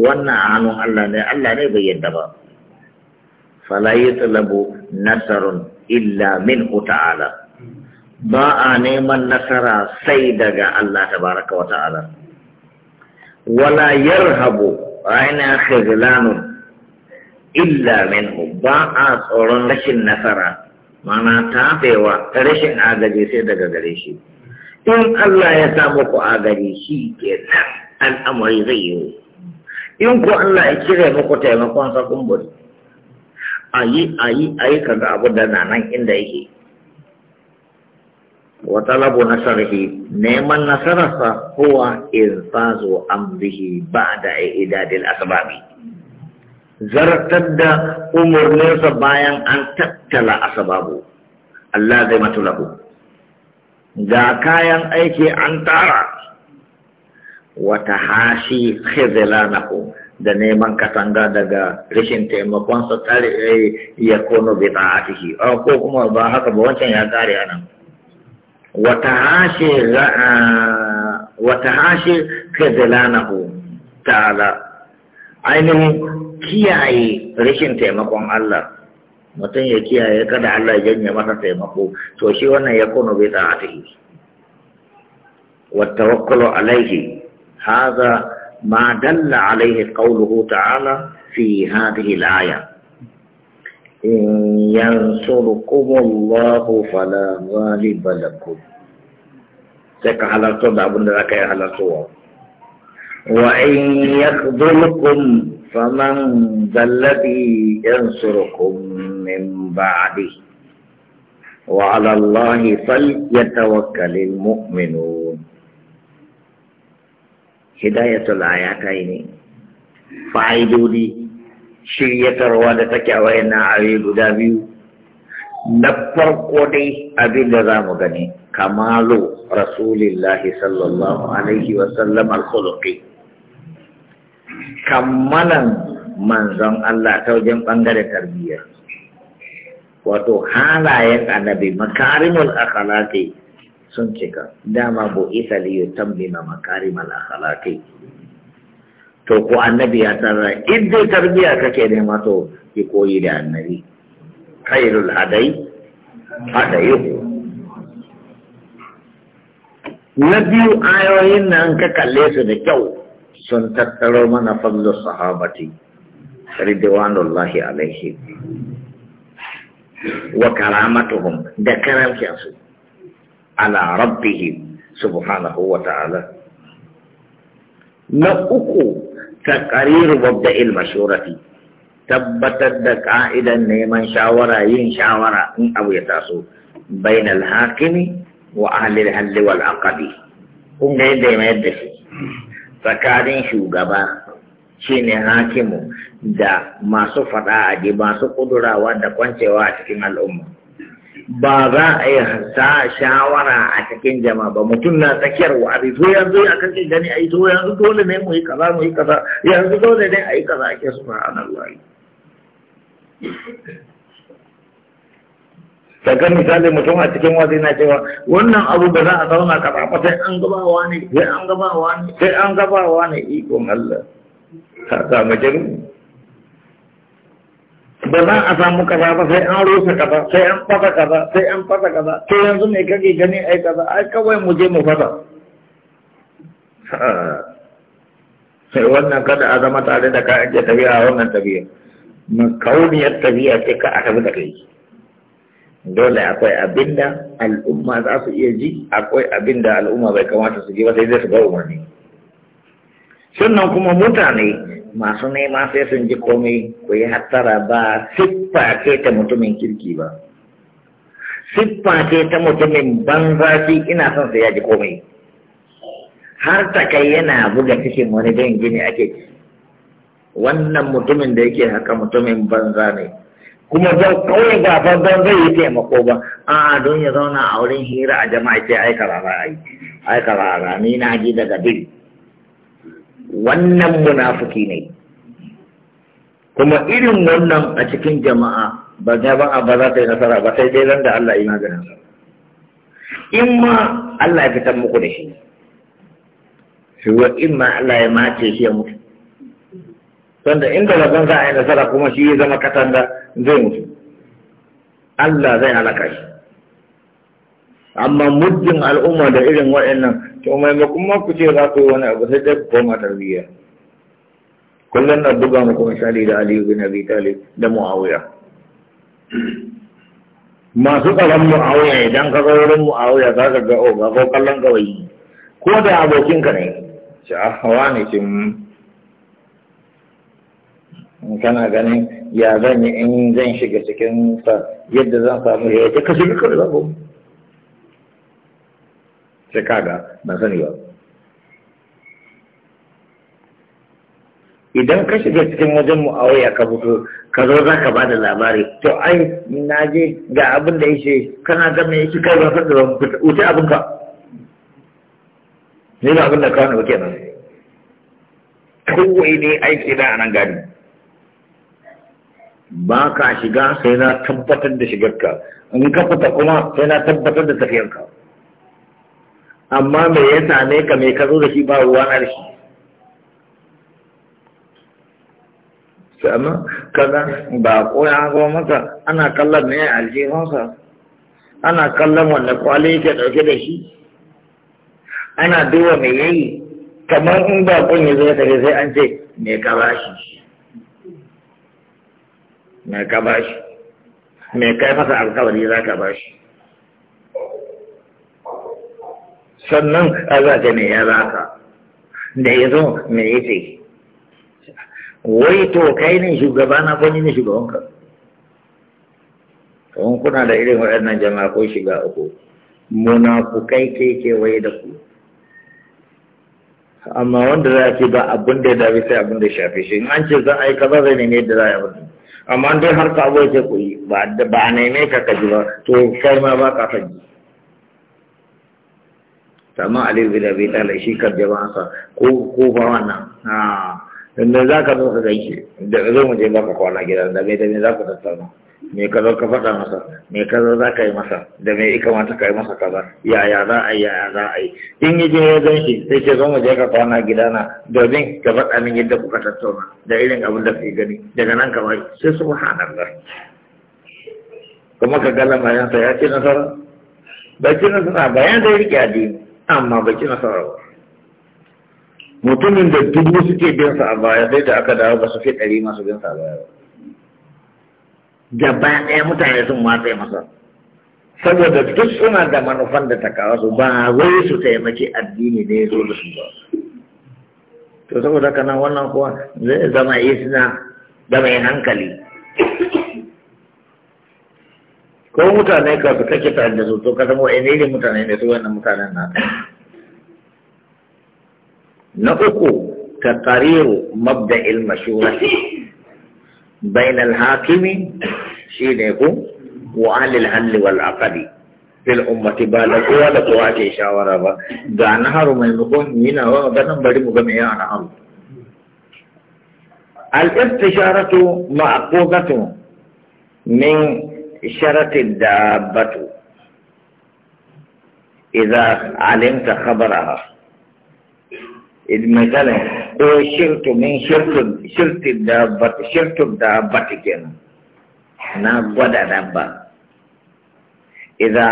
وانا انو ألا نه الله فلا يطلب نصر الا منه تعالى ما با من نصر سيدغا الله تبارك وتعالى ولا يرهب اين خذلان illa min ba a tsoron rashin nasara mana tafewa rashin agaji sai daga gare shi in Allah ya samu ku agaji shi ke nan al'amari zai yi in ku Allah ya cire muku taimakon sa kumburi ayi ayi ayi kaga abu da na nan inda yake wa talabu sarki neman nasararsa huwa irfazu amrihi da idadil asbabi zartar da umarninsa bayan an tattala asababu Allah zai matulaku. lahu ga kayan aiki an tara wata hashi khizlanahu da neman katanga daga rashin taimakonsa tare eh, ya kono a ciki ah, ko kuma ba haka ba wancan ya tsari anan wata hashi na ku ta ala ainihin kiyaye rashin taimakon Allah mutum ya kiyaye kada Allah ya janye masa taimako to shi wannan ya kono bai ta yi wa tawakkalu alayhi hadha ma dalla alayhi qawluhu ta'ala fi hadhihi al-aya إن ينصركم الله فلا غالب لكم sai ka halarta da abin da za ka yi halartarwa wa in ya فمن ذا الذي ينصركم من بعده وعلى الله فليتوكل المؤمنون هداية الآياتين فعيدوني شرية روادتك وإن أعيد دابيو نفر قدي أبي دزام غني كمال رسول الله صلى الله عليه وسلم الخلقي kammalan manzon Allah ta wajen ɓangaren tarbiyya wato halayen annabi makarimul akhlaqi sun cika dama bu isa li yutammima makarimul akhlaqi to ko annabi ya tsara idda tarbiyya kake ne to ki koyi da annabi khairul hadai hadayu na biyu ayoyin nan ka kalle su da kyau سنت کلو من فضل صحابتی رضوان الله علیه و کرامتهم دکرم کی اسو على ربه سبحانه وتعالى ما أكو تقرير وبدا المشورة تبتد قائدا نيما شاورا ين شاورا ان ابو يتاسو بين الحاكم واهل الحل والعقد ان يدي ما يدي tsakanin shugaba shi ne hakimu da masu faɗa aji masu ƙudurawa da kwancewa a cikin al'umma ba za a yi sa shawara a cikin jama'a ba mutum na tsakiyar wa a rito yanzu a kan gani a yi to yanzu dole ne mu yi kaza mu yi kaza yanzu dole ne a yi kaza ake wari kaga misali mutum a cikin wazi na cewa wannan abu ba za a zauna kaba ba sai an gabawa ne sai an gabawa ne sai an gabawa ne ikon Allah ka ga jiru ba za a samu kaza ba sai an rusa kaza sai an fasa kaza sai an fasa kaza to yanzu me kake gani ai kaza ai kawai mu je mu fasa sai wannan kada a zama tare da ka ake tafiya a wannan tafiya kauniyar tafiya ce ka a tafi da kai dole akwai abinda al'umma za su iya ji akwai abinda al'umma bai kamata su ji ba sai zai su ga umarni sannan kuma mutane masu nema sai sun ji komai ku yi hattara ba siffa ce ta mutumin kirki ba siffa ce ta mutumin banza ina son sai ya ji komai har ta kai yana buga cikin wani don gini ake wannan mutumin da yake haka mutumin banza ne kuma zan kawai gaban don zai yi taimako ba a don ya zauna a wurin hira a jama'a ce ai karara ai karara ni na ji daga bin wannan munafuki ne kuma irin wannan a cikin jama'a ba ga ba za ta yi nasara ba sai dai da Allah yi maganin sa in ma Allah ya fitar muku da shi wa in ma Allah ya mace shi ya mutu sanda inda zan za a yi nasara kuma shi ya zama katanga zai mutu Allah zai halaka shi amma muddin al'umma da irin wa'annan to maimakon ma ku ce za ku yi wani abu sai dai ku koma tarbiyya kullum na buga kuma misali da Aliyu bin Abi Talib da Muawiya masu tsaron Muawiya idan ka zo wurin Muawiya za ka ga oga oh, ko kallon gawayi ko da ka ne hawa ah, ne ce hmm. in kana ganin ya zan yi in zan shiga cikin yadda zan samu ya yake ka da kawai zabo sai kaga ban sani ba idan ka shiga cikin wajen mu'awaya ka fito ka zo za ka bada labari to ai na je ga abin da yake kana ga ya shi kai ba san fita wuce abin ka ne abin da ka wani kenan kowai ne aiki a anan gari ba ka shiga sai na tabbatar da shigarka in ka fita kuma sai na tabbatar da tafiyarka amma me ya same ka me ka zo da shi ba ruwa na shi amma kaga ba ko ya zo masa ana kallon me aljihunsa ana kallon wanda kwali yake dauke da shi ana duba me yayi kamar in ba kun ya zai ya sai an ce me ka bashi me ka bashi me kai masa alkawari za ka bashi sannan a za ka ne ya za ka da ya zo me ya ce wai to kai ne shugaba na kwanye ne shugabanka kawon kuna da irin waɗannan jama'a ko shiga uku Muna ku kai ke kewaye da ku amma wanda za a ce ba abin da ya dafi sai abin da shafe shi an ce za a yi kaza zai nemi yadda za a yi abin amma dai har ka abuwa ce ku yi ba a neme ka ka ji ba to kai ma ba ka sanyi sama aliyu bin abi talib shi kan ka ko ko ba wannan inda ah, za ka zo ka gaishe da zo mu je baka kwana gidan da me da me za ku tattauna me ka zo ka faɗa masa me ka zo za ka yi masa da me ika mata ka yi masa kaza yaya za a yi yaya za a yi in yi je ya gan shi sai ce zo mu je ka kwana gidana domin ka faɗa min yadda kuka tattauna da irin abin da kai gani daga nan kamar sai subhanallah kuma ka bayan lamarinsa ya ci nasara ba ci nasara bayan da ya a dini amma ba ci nasara ba mutumin da dubu suke bin sa a baya sai da aka dawo ba su fi ɗari masu bin sa a baya ba gaba ɗaya mutane sun matse masa saboda duk suna da manufan da ta kawo su ba wai su taimaki addini da ya zo da su ba to saboda kana wannan kuwa zai zama isna da mai hankali ko mutane ka su kake tare da su to ka zama wa'ine ne mutane ne su wannan mutanen na na uku ta tariru mabda ilmashura bainal hakimi shi ne ku wa ahlil halli wal aqdi fil ummati ba da kowa da kowa ke shawara ba ga naharu maimakon yana wa maganan bari mu ga me ya naharu al-istisharatu ma'qudatu min sharati dabbatu idza alimta khabaraha id matalan ko shirtu min shirtu shirtu dabbati shirtu dabbati kenan na gwada dabba Iza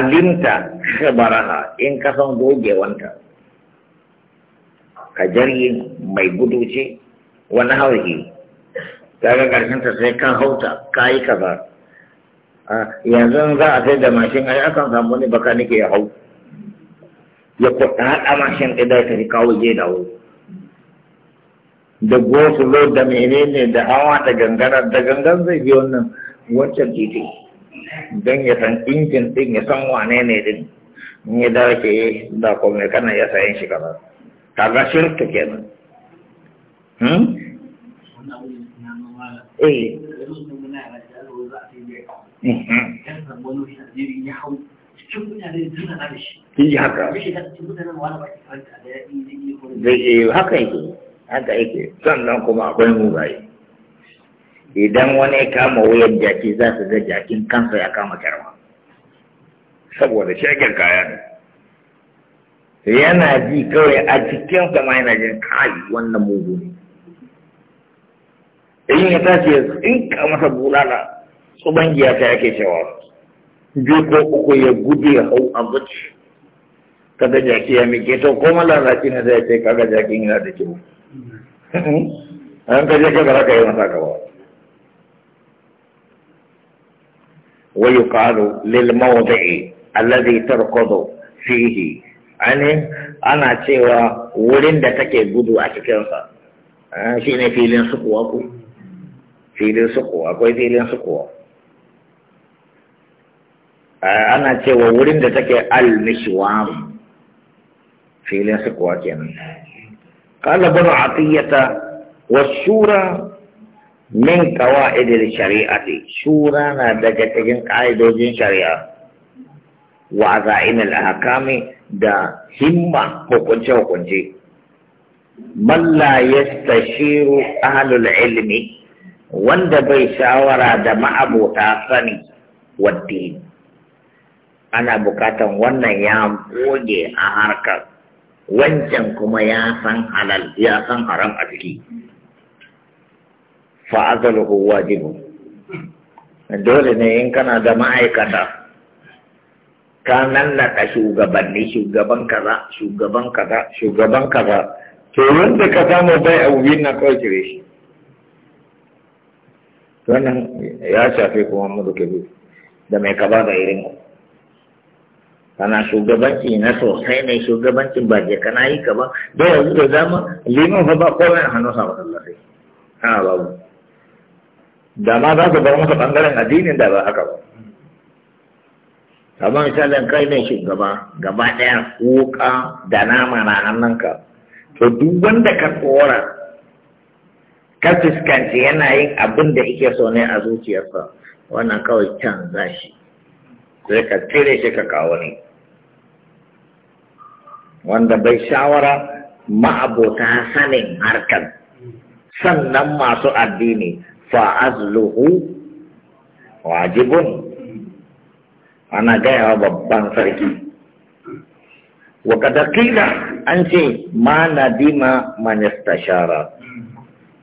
alimta khabaraha in ka san gogewanta ka jirgin mai gudu ce wani hauki daga ƙarshenta sai ka hauta ka yi kaza yanzu za a sai da mashin A akan samu ne baka nake ya hau ya kuɗa haɗa mashin ɗaya ta kawo je da wuri da gosulo da menene da hawa da gangarar da gangan zai bi wannan wancan titi don ya san injin din ya san wane ne din in ya dawo ke da kome kana ya sayan shi kaza kaga shirka kenan hmm eh Yi mhm. haka. Zai haka yake. haka yake sannan kuma akwai mugaye idan wani ya kama wuyan jaki za su ga jakin kansa ya kama kyarma saboda shagen kaya ne yana ji kawai a cikin sama yana jin kai wannan mugu ne in ya tashi ya tsinka masa bulala tsuban giya ta yake cewa biyu ko uku ya gudu ya hau a zuci kaga jaki ya mike to ko malalaci na zai ce kaga jakin yana da kyau an ka je ka gara ka yi masa gaba wa yuqalu lil mawdi'i alladhi tarqadu fihi ani ana cewa wurin da take gudu a cikin sa shine filin sukuwa ku filin sukuwa akwai filin sukuwa ana cewa wurin da take al-mishwam filin sukuwa kenan قال ابن عطية والشورى من قواعد الشريعة شورى نادجة جن قاعدة جن شريعة وعزائم الأحكام دا همة حكم شوكم من لا يستشير أهل العلم wanda bai shawara da ma'abota sani wadda ana bukatan wannan ya goge a harkar wancan kuma ya san halal ya san haram a ciki fa'azaluhu wajibu dole ne in kana da ma'aikata ka nannaka shugabanni shugaban kaza shugaban kaza shugaban kaza to wanda ka samu bai abubuwan na kawai shi wannan ya shafi kuma mu da mai kaba da irin ku kana shugabanci na sosai ne shugabancin ba je kana yi ka ba da yanzu da zama liman fa ba komai a hannun sa masallaci ha babu da ma za su bar masa bangaren addinin da ba haka ba kamar misalin kai ne shugaba gaba ɗaya wuka da nama na hannunka to duk wanda ka tsora ka fuskanci yana yin abin da yake so ne a zuciyarsa wannan kawai can zashi sai ka cire shi ka kawo ne wanda bai shawara ma'abota sanin harkar sannan masu addini fa'azluhu wajibun ana gaya wa babban sarki wa kada an ce ma nadima manista shara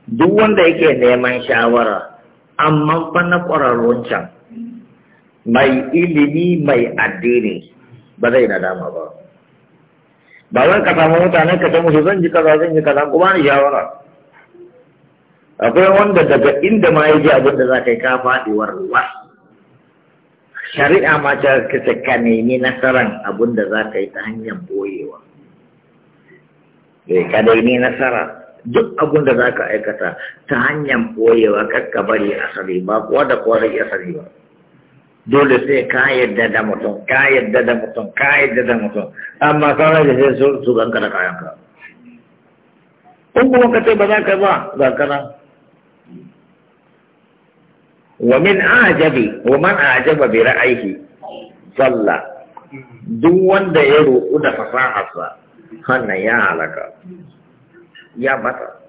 duk wanda yake neman shawara amma fa na ƙwararrun can mai ilimi mai addini ba zai dama ba ba zan ka samu mutanen ka ta musu zan ji kaza zan yi kaza kuma ni shawara akwai wanda daga inda ma ya ji abin da za ka yi ka faɗiwar ruwa shari'a ma ta kace ka nemi nasaran abin da za ka yi ta hanyar boyewa eh, ka nemi nasara duk abin da za ka aikata ta hanyar boyewa kakka bari asali ba kuwa da kuwa zai asali ba dole sai ka yadda da mutum ka yadda da mutum ka yadda da mutum amma sauran da sai su su ganka da kayan ka in kuma ka ce ba za ka ba za ka nan wa min ajabi wa man ajaba bi ra'ayhi salla duk wanda ya roƙu da fasaharsa hannan ya halaka ya bata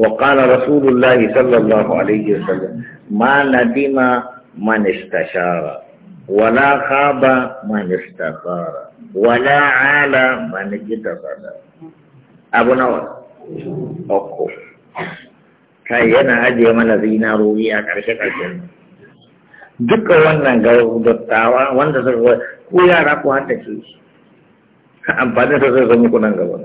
وقال رسول الله صلى الله عليه وسلم ma nadima man istashara wala khaba man istaqara wala ala man jitasara abu nawa uku kai yana ajiye mana zinarori a ƙarshe ƙarshen duka wannan ga dattawa wanda suka ko yara ko hanta ke shi amfani da zai zama kunan gaba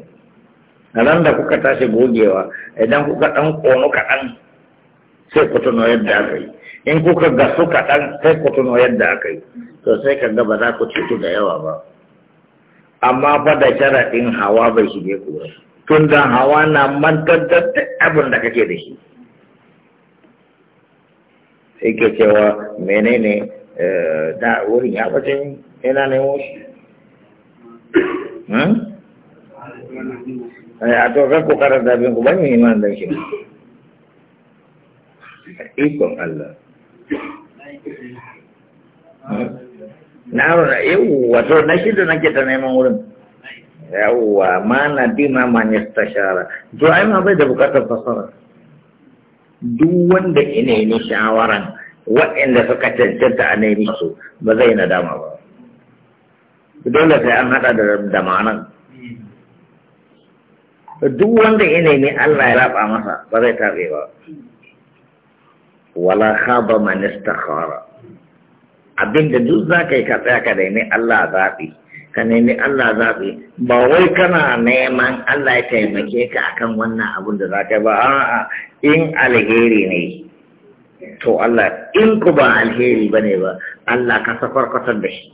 A nan da kuka tashi gogewa idan kuka ɗan kono kaɗan sai ku tuno yadda aka yi in kuka ga su kaɗan sai ku tuno yadda aka yi to sai ka ba za ku cutu da yawa ba amma fa da sharaɗin hawa bai shige ku ba tun da hawa na mantar da duk abin da kake da shi sai ke cewa menene eh, da wurin ya bace ina nemo shi hmm? eh, a to ka karanta bin ku ban yi iman da shi ikon Allah na rana wato na na ke ta neman wurin yawwa ma na dima man yastashara shara. ai ma bai da bukatar fasara duk wanda ina yi shawaran waɗanda suka cancanta a nemi su ba zai nadama ba dole sai an haɗa da ma'anan duk wanda ina yi Allah ya raba masa ba zai taɓe ba wala khaba man istakhara abinda duk za ka yi ka tsaya ka nemi Allah zaɓi ka nemi Allah zaɓi ba wai kana neman Allah ya taimake ka akan wannan abin da za ka ba a'a in alheri ne to Allah in ku ba alheri bane ba Allah ka safar kwatar da shi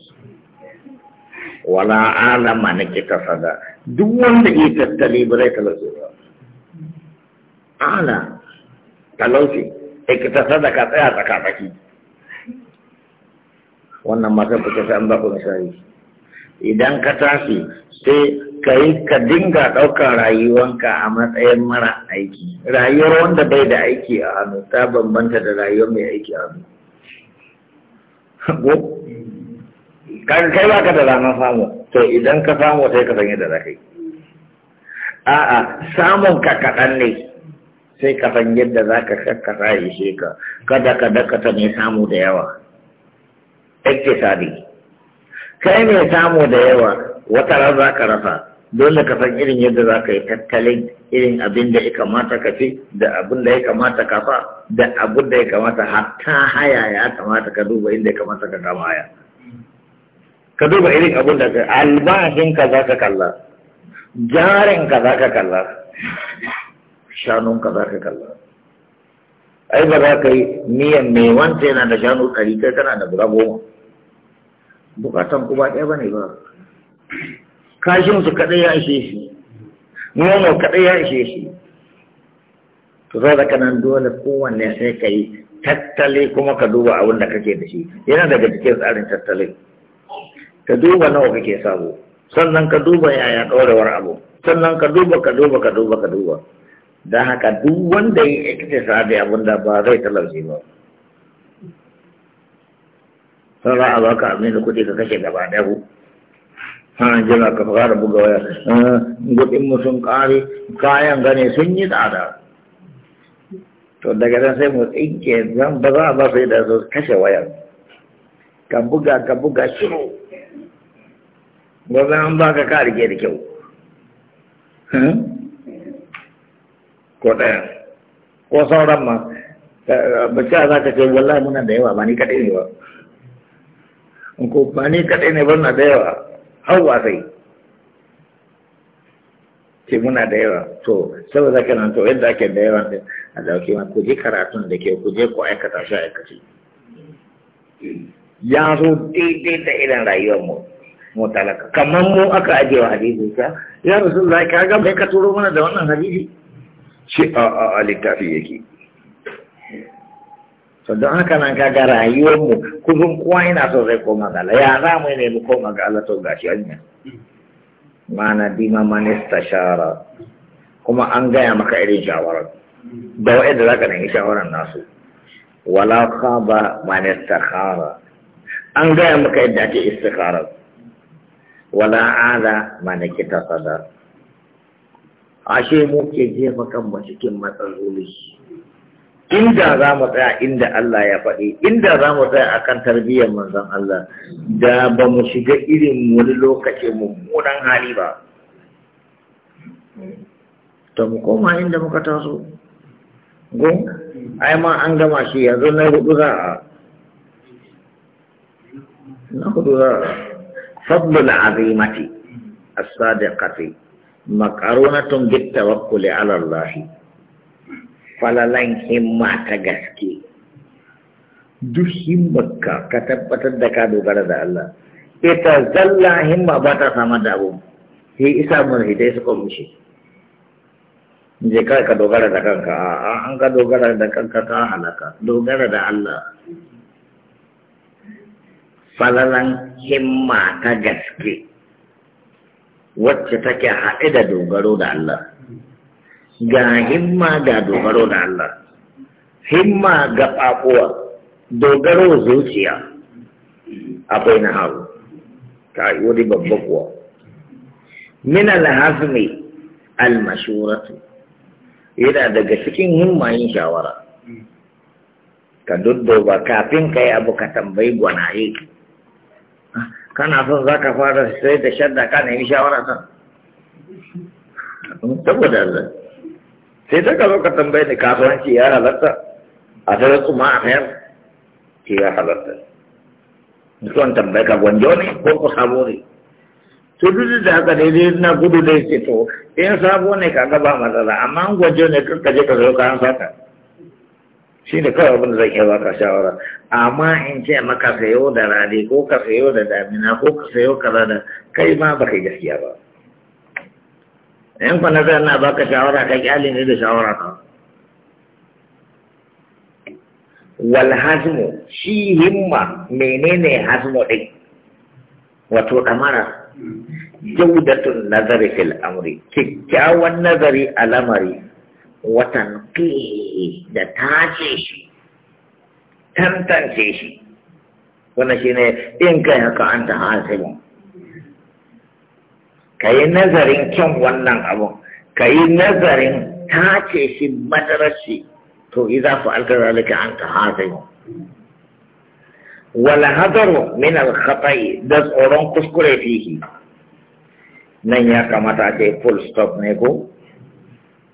wala alama na ke tafada duk wanda ya tattali ba zai talauce ba ala talauce ikita sadaka ka tsaya tsaki. wannan matan kuka sai an ba ku misali idan ka tafi sai ka yi ka dinga ɗaukar rayuwanka a matsayin mara aiki rayuwar wanda bai da aiki a hannu ta bambanta da rayuwar mai aiki a hannu kan kai ba ka da ranar samu to idan ka samu sai ka sanya da zakai a'a samun ka kaɗan ne sai ka san yadda za ka shakka ya ishe ka kada ka dakata mai samu da yawa iktisadi kai mai samu da yawa wata ran za ka rasa dole ka san irin yadda za ka yi tattalin irin abin da ya kamata ka fi, da abin da ya kamata ka fa da abin da ya kamata hatta haya ya kamata ka duba inda ya kamata ka kama haya ka duba irin abin da ka albashin ka za ka kalla jarin ka za ka kalla shanunka za ka kalla ai ba za ka yi niyan mai wanta yana da shanu ɗari kai kana da guda goma bukatan ku ba ɗaya ba ne ba kashin su kaɗai ya ishe shi nono kaɗai ya ishe shi to za da kanan dole kowanne sai ka yi tattale kuma ka duba abin da kake da shi yana daga cikin tsarin tattale ka duba nawa kake sabo sannan ka duba yaya ɗorewar abu sannan ka duba ka duba ka duba ka duba don haka duk wanda ya ikitisa da abin da ba zai talauci ba sai za a ba ka amina kudi kuɗi ka kashe gaba da ku hana jira ka fara buga waya gudun mu sun ƙare kayan gane sun yi tsada to daga nan sai mu tsinke zan ba za a ba sai da su kashe wayar ka buga ka buga shiru ba za an ba ka kare ke da kyau ko ɗaya ko sauran ma eh, eh, ba ce za ka ce da yawa ba ni kaɗai ne ba ko ba ni kaɗai ne ba na da yawa hau ba sai ce da yawa to saboda ka nan to yadda ake da yawa ɗin a dauki ma ku karatun da shi ya irin kamar mu aka ajiye ya ga mana da wannan hadisi shi a littafi yake to don haka nan kaga rayuwarmu kusan kowa yana so zai koma ga Allah ya za mu ne mu koma ga Allah to gashi hanya mana dima manista shara kuma an gaya maka irin shawarar da wa'anda zaka nemi shawarar nasu wala khaba manista khara an gaya maka yadda ake istikharar wala ala mana kita sadar ashe muke jefa kanmu cikin matsaloli inda za mu tsaya inda Allah ya faɗi inda za mu tsaya akan tarbiyyar manzon Allah da ba mu shiga irin wani lokaci mummunan hali ba to mu koma inda muka taso gun ai ma an gama shi yanzu na hudu za a na hudu za a fadlul azimati as-sadiqati makaronatun gitta wakuli alallahi falalan himma ta gaske duk himmarka ka tabbatar da ka dogara da Allah ita zalla himma ba ta sama da abu sai isa mulhidai suka rushe je kai ka dogara da kanka an ka dogara da kanka ka halaka dogara da Allah falalan himma ta gaske wacce take haɗe da dogaro da Allah ga himma ga dogaro da Allah himma ga ƙaƙuwa dogaro zuciya akwai na haru ta wani babba kuwa min alhazmi almashuratu yana daga cikin yin shawara ka dudduba kafin kai abu ka tambayi gwanaye kana son za ka fara sai da shadda ka nemi shawara ta saboda Allah sai ta ka zo ka tambaye ni kasuwanci ya halatta a dare kuma a hayar ke ya halatta son tambaye ka gwanjo ne ko ku sabo ne to duk da haka dai dai na gudu dai ce to in sabo ne ka gaba matsala amma gwanjo ne kan ka je ka zo ka an sata shi da kawai abin da zan iya baka shawara amma in ce maka sayo da rani ko ka sayo da damina ko ka sayo kaza da kai ma baka yi gaskiya ba in ku na na baka shawara ka kyale ne da shawara ka wal hazmu shi himma menene hazmu din wato kamara. Hmm. jaudatun nazari fil amri kikkiawan nazari alamari watan fi da tace shi tantance shi wannan shi ne in kai haka an ta hasili ka yi nazarin kyan wannan abun ka yi nazarin tace shi madarar to iza fa alka zalika an ta hasili wal hadaru min al da tsoron kuskure fihi nan ya kamata a ce full stop ne ko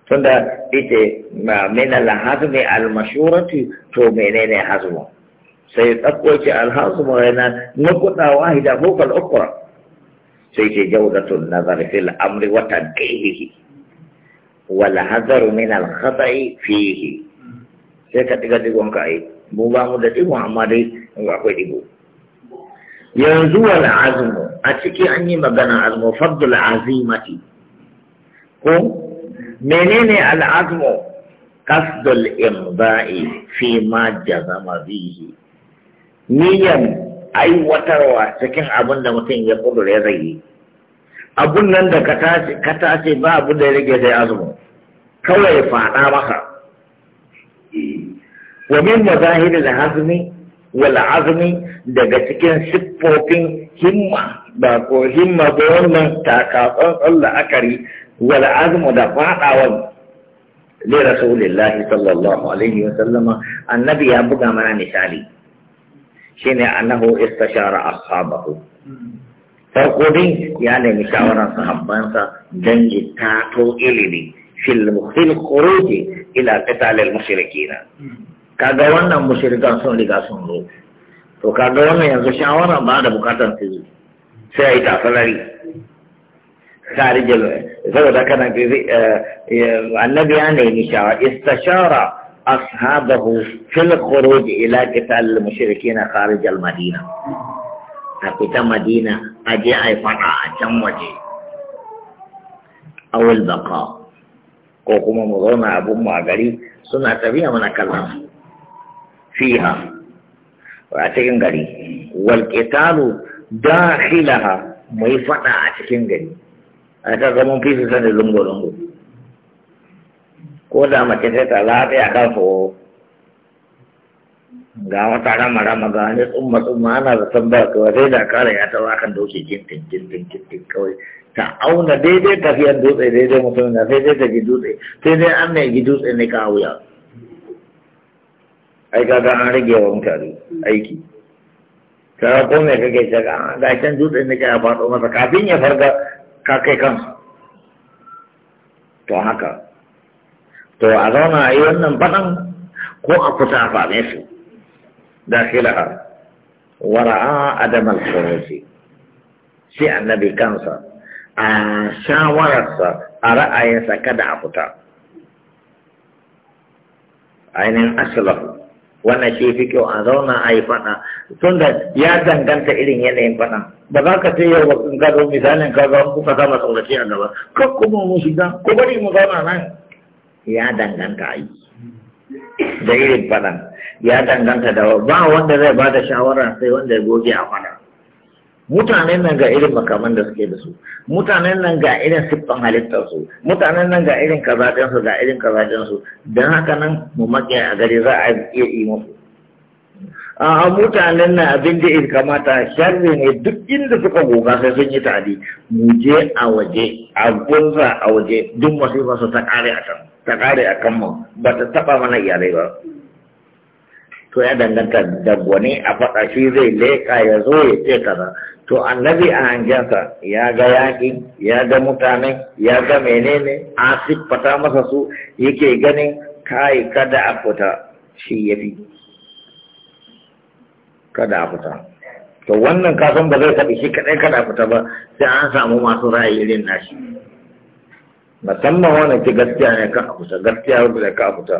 tunda ita ma min al-hazmi al-mashurati to menene hazmu sai tsakko ce al-hazmu yana nukuta wahida ko al-ukhra sai ce jawdatun nazar fil amri wa tadqihi wal hazar min al-khata'i fihi sai ka diga digon kai mu ba mu da digon amma dai akwai digo yanzu wal azmu a ciki an yi magana al-mufaddal azimati ko menene al'azmu kasdul imba'i fi ma jazama bihi niyan aiwatarwa cikin abin da mutum ya kudure zai abun nan da ka tashi ba abu da rage sai azumi kawai faɗa maka wa min mazahir da hazmi wal azmi daga cikin siffofin himma ba ko himma ba wannan Allah la'akari wal azmu da fadawa li rasulillahi sallallahu alaihi wa sallama annabi ya buga mana misali shine annahu istashara ashabahu farko dai ya nemi shawaran sahabbansa dan jitato ilimi fil fil khuruji ila qital al mushrikina kaga wannan mushrikan sun riga sun zo to kaga wannan yanzu shawara ba da bukatan su sai ai tafalari آه، النبي عليه يعني الصلاة استشار أصحابه في الخروج إلى قتال المشركين خارج المدينة حقيقة مدينة أجيء فرعا جموجي أو البقاء وقوم مضونا أبو معقري سنة تبيع من أكلم فيها وعتكين قري والقتال داخلها ما يفتح عتكين a kaga mun fi su sani lungo-lungo ko da mace sai ta lafiya a kan ga wata rama-rama ga wani tsumma-tsumma ana da zaton ba kawai sai da kara ya tawa kan doke kintin-kintin-kintin kawai ta auna daidai tafiyar dutse daidai mutum na sai dai ta gi dutse sai dai an mai gi dutse ne ka wuya ai kaga an rage wa mutane aiki kaga ko me kake shaka ga can dutse ne ka faɗo masa kafin ya farga ka kai kansu to haka to a zauna a yi wannan faɗan ko a kusa a fame su wara wara'a adamal khuruji sai annabi kansa a shawararsa a ra'ayinsa kada a fita ainihin asalafu wannan shi fi kyau a zauna a yi faɗa da ya danganta irin yanayin faɗa ba za ka sai yau ka misalin ka ga kuka sama tsaurace a gaba kan kuma mu shiga ko bari mu zauna nan ya danganta a yi da irin faɗa ya danganta da ba wanda zai bada shawara sai wanda ya goge a faɗa mutanen nan ga irin makaman da suke da su mutanen nan ga irin siffan halittar su mutanen nan ga irin kazaɗin su ga irin kazaɗin su don haka nan mu maƙiya a gari za a iya yi musu a mutanen nan abin da ya kamata sharri ne duk inda suka goga sai sun yi tadi mu je a waje a gunza a waje duk masifa su ta kare a kan ta kare a kan mu ba ta taba mana iyalai ba to ya danganta da gwani a faɗa shi zai leƙa ya zo ya ce kaza to annabi a hangensa ya ga yaƙi ya ga mutane ya ga menene a siffata masa su yake ganin kai kada a fita shi ya fi kada a fita to wannan kasan ba zai faɗi shi kaɗai kada a fita ba sai an samu masu ra'ayi irin nashi musamman wannan ki gaskiya ne ka a fita gaskiya ne ka a fita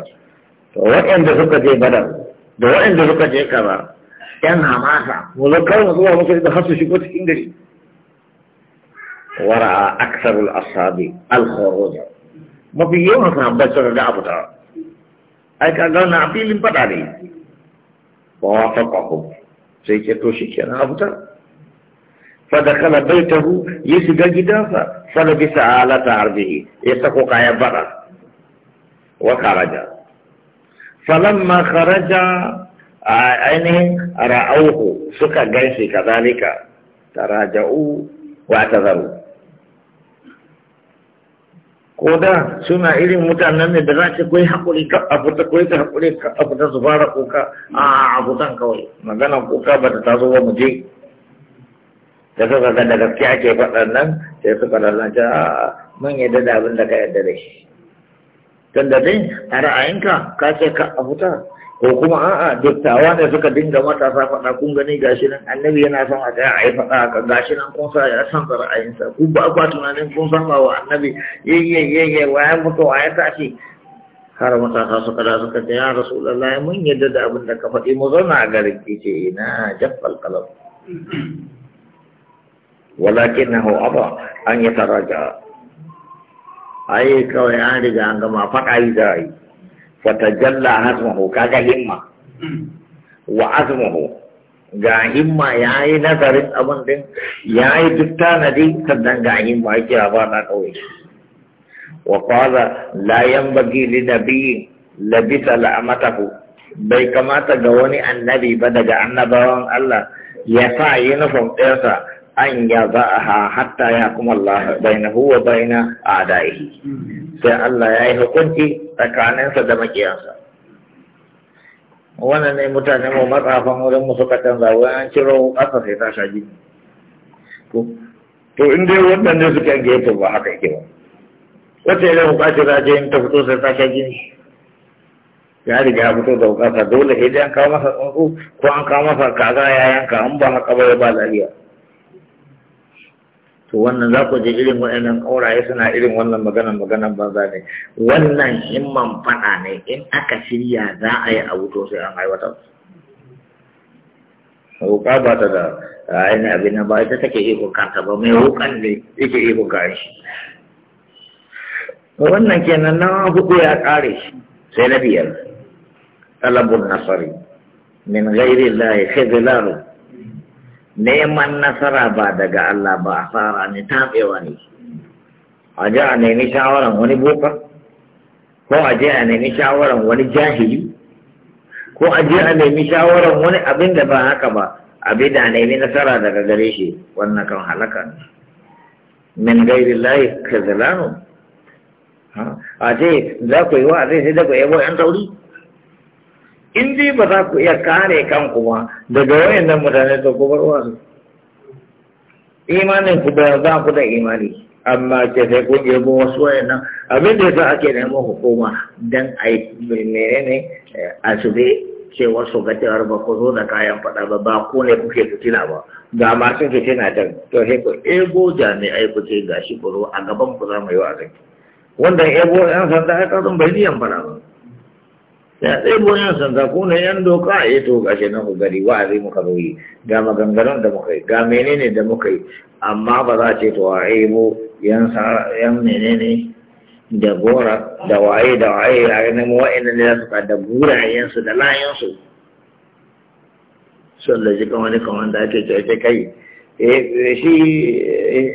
to waɗanda suka je badar da waɗanda suka je kaza yan hamasa wanda kawai zuwa masu da hasu shigo cikin gari wara a aksarul ashabi al-khuruj mafi yawan sahabbai suka ga abu ta ai ka ga na filin fada ne wa wafaqahu sai ke to na abu ta fa ta hu ya shiga gidansa fa labisa alata arbihi ya sako kayan bada wa kharaja falamma kharaja ainihin ra'auhu suka ganshi kazalika taraja'u wa tazaru ko da suna irin mutanen ne da za ce kai hakuri ka abu ta kai ta ka abu ta su fara kuka a abu zan kawai magana kuka ba ta taso ba mu je da suka ga da gaskiya ke faɗan nan sai suka lalace a mun yadda da abin da ka yadda da shi tunda a ra'ayinka ka ce ka a fita ko kuma a'a dattawa ne suka dinga matasa faɗa kun gani gashi nan annabi yana son a tsaya a yi faɗa ka gashi nan kun sa ya san ra'ayinsa ku ba ku tunanin kun san wa annabi yayye yayye waya ya fito tashi har matasa suka da suka ce ya rasulullah mun yadda da abin da ka faɗi mu zauna a garin ki ce ina jabbal qalam walakinahu aba an yataraja ai kawai an riga an gama faɗa yi za a yi fatajalla hasmahu kaga himma wa azmahu ga himma ya yi nazarin abin din ya yi duk tanadi sannan ga himma yake a na kawai wa qala la yanbaghi li nabiyyin labisa la'amatahu bai kamata ga wani annabi ba daga annabawan Allah ya sa uniform ɗinsa an ya za'aha hatta ya kuma Allah baina huwa baina adaihi sai Allah ya yi hukunci tsakaninsa da makiyansa wannan ne mutane mu matsafan wurin mu suka canza an ciro ƙasa sai ta shaji to in dai wannan ne suke an gefe ba haka yake ba wace ne bukaci za je in ta fito sai ta shaji ya riga ya fito da bukata dole idan ka masa tsuntsu ko an ka masa kaza ya yanka an ba haka ba ya ba lafiya to wannan za ku je irin waɗannan ƙauraye suna irin wannan maganan maganan banza ne wannan himman faɗa ne in aka shirya za a yi abu to sai an aiwatar roƙa ba ta da ainihin abin nan ba ita take iko kanta ba mai roƙan ne yake iko kare shi wannan kenan na hudu ya ƙare shi sai na biyar talabun nasari min ghairi ke khizlalu neman nasara ba daga Allah ba a fara ne taɓewa ne a ji a nemi shawaran wani boka ko a ji a nemi shawaran wani jahili ko a ji a nemi shawaran wani abin da ba haka ba abin da nemi nasara daga gare shi wannan kan halaka min gairi layi ka zalano a ce za ku yi wa a zai sai daga yabo yan tauri in dai ba za ku iya kare kanku ba daga wayannan mutane da ku bar wasu imanin ku ba za ku da imani amma ke sai kun yabo wasu wayannan abin da yasa ke neman hukuma dan a yi menene eh, a su dai cewa wasu ga cewar ba ku zo da kayan faɗa ba ba ku ne kuke fitina ba ga masu fitina ta. to sai ku ego jami'ai ku ce gashi ku zo a gaban ku za mu yi wa wa'azi wanda ego yan sanda ya kasan bai niyan faɗa ba ya tsaye yan sanda ko na yan doka a eh yi to kashe nan ku gari zai muka zo yi ga maganganun da muka yi ga menene da muka yi amma ba za a ce to a mu yan yan menene da gora da waye da waye a ganin wa'ina ne za su ka da su da su sun da jikin wani kamar da ake ce kai eh shi eh,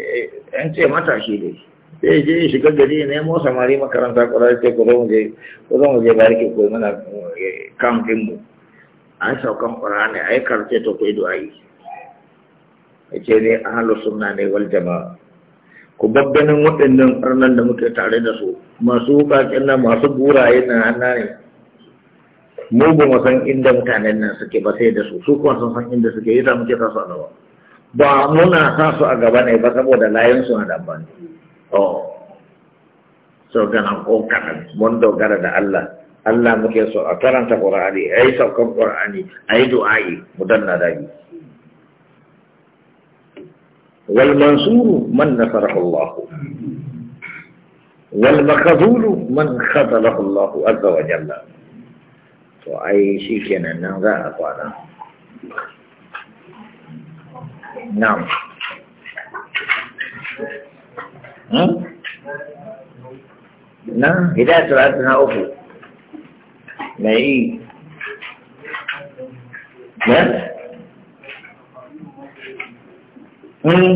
eh, an ce matashi dai sai je ya shiga gari ne nemo samari makaranta kwarar sai ku zo je ku zo je bari ke koyi mana kamfin eh, mu an saukan ne ai karce to ku ido ai ce ne ahlus sunna ne wal jama'a ku babbanin waɗannan ɓarnan da muke tare da su masu wukakin nan masu buraye na hannu ne mu ba mu san inda mutanen nan suke ba sai da su su kuma sun san inda suke yi za muke ta su a gaba ba muna sa su a gaba ne ba saboda layin su na da amfani oh so gana ko kanan mun dogara da Allah Allah muke so a karanta Qur'ani ai saukan Qur'ani ai du'a'i mu danna dagi wal mansur man nasarahu Allah wal makhzulu man khadalahu Allah azza wa jalla to ai shikenan nan za a kwana na'am na idan turatu na uku mai yi na hmm.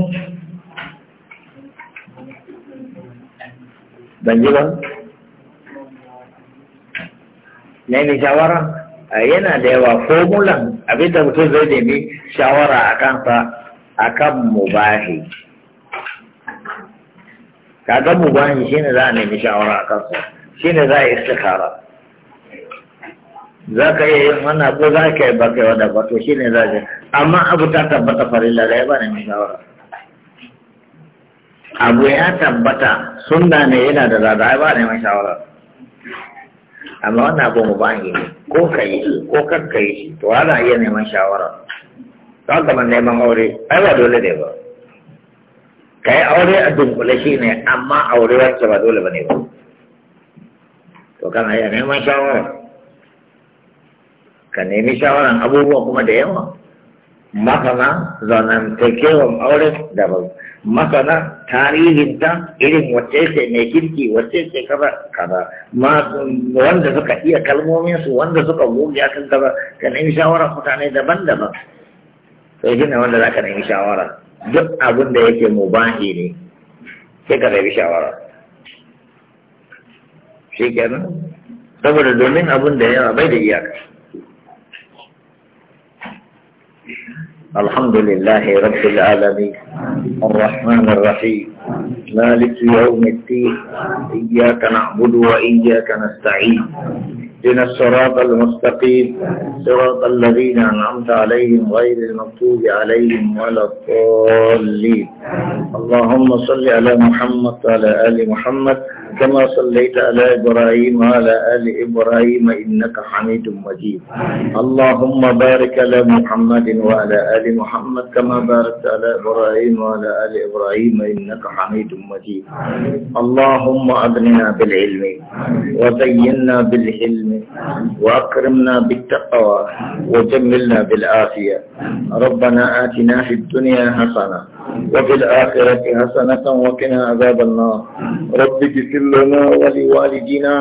ban ji ba nemi shawara yana da yawa formulan abinda mutum zai nemi shawara a kansa akan mubahi kaga mu bani shine za a nemi shawara a kansa shine za a yi istikhara za ka iya yin wannan ko za ka yi ba kai wadda ba to shine za ka amma abu ta tabbata farilla da ya ba nemi shawara abu ya tabbata sunna ne yana da zada ya ba neman shawara amma wannan abu mu bani ne ko ka yi shi ko kar ka yi shi to ana iya neman shawara don kamar neman aure ai ba dole ne ba ka yi aure a dunkule shi ne amma aure wacce ba dole ba ne ba to kana iya neman shawara ka nemi shawaran abubuwa kuma da yawa masana zanantakewan aure daban masana tarihinta irin wacce ce mai kirki wacce ce kaza kaza wanda suka iya kalmominsu wanda suka goge akan kaza ka nemi shawara mutane daban-daban sai gina wanda za ka nemi shawara duk abin da yake mubahi ne sai ka rabi shawara shi kenan saboda domin abin da yawa bai da iyaka الحمد لله رب العالمين الرحمن الرحيم مالك يوم الدين إياك نعبد وإياك نستعين اهدنا الصراط المستقيم صراط الذين أنعمت عليهم غير المغضوب عليهم ولا الضالين اللهم صل على محمد وعلى آل محمد كما صليت على إبراهيم وعلى آل إبراهيم إنك حميد مجيد اللهم بارك على محمد وعلى آل محمد كما باركت على إبراهيم وعلى آل إبراهيم إنك حميد مجيد اللهم أغننا بالعلم وزينا بالحلم وأكرمنا بالتقوى وجملنا بالعافية ربنا آتنا في الدنيا حسنة وفي الآخرة حسنة وقنا عذاب النار رب اغفر لنا ولوالدينا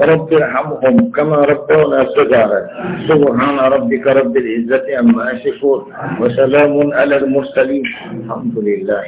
رب ارحمهم كما ربونا صغارا سبحان ربك رب العزة عما يصفون وسلام على المرسلين الحمد لله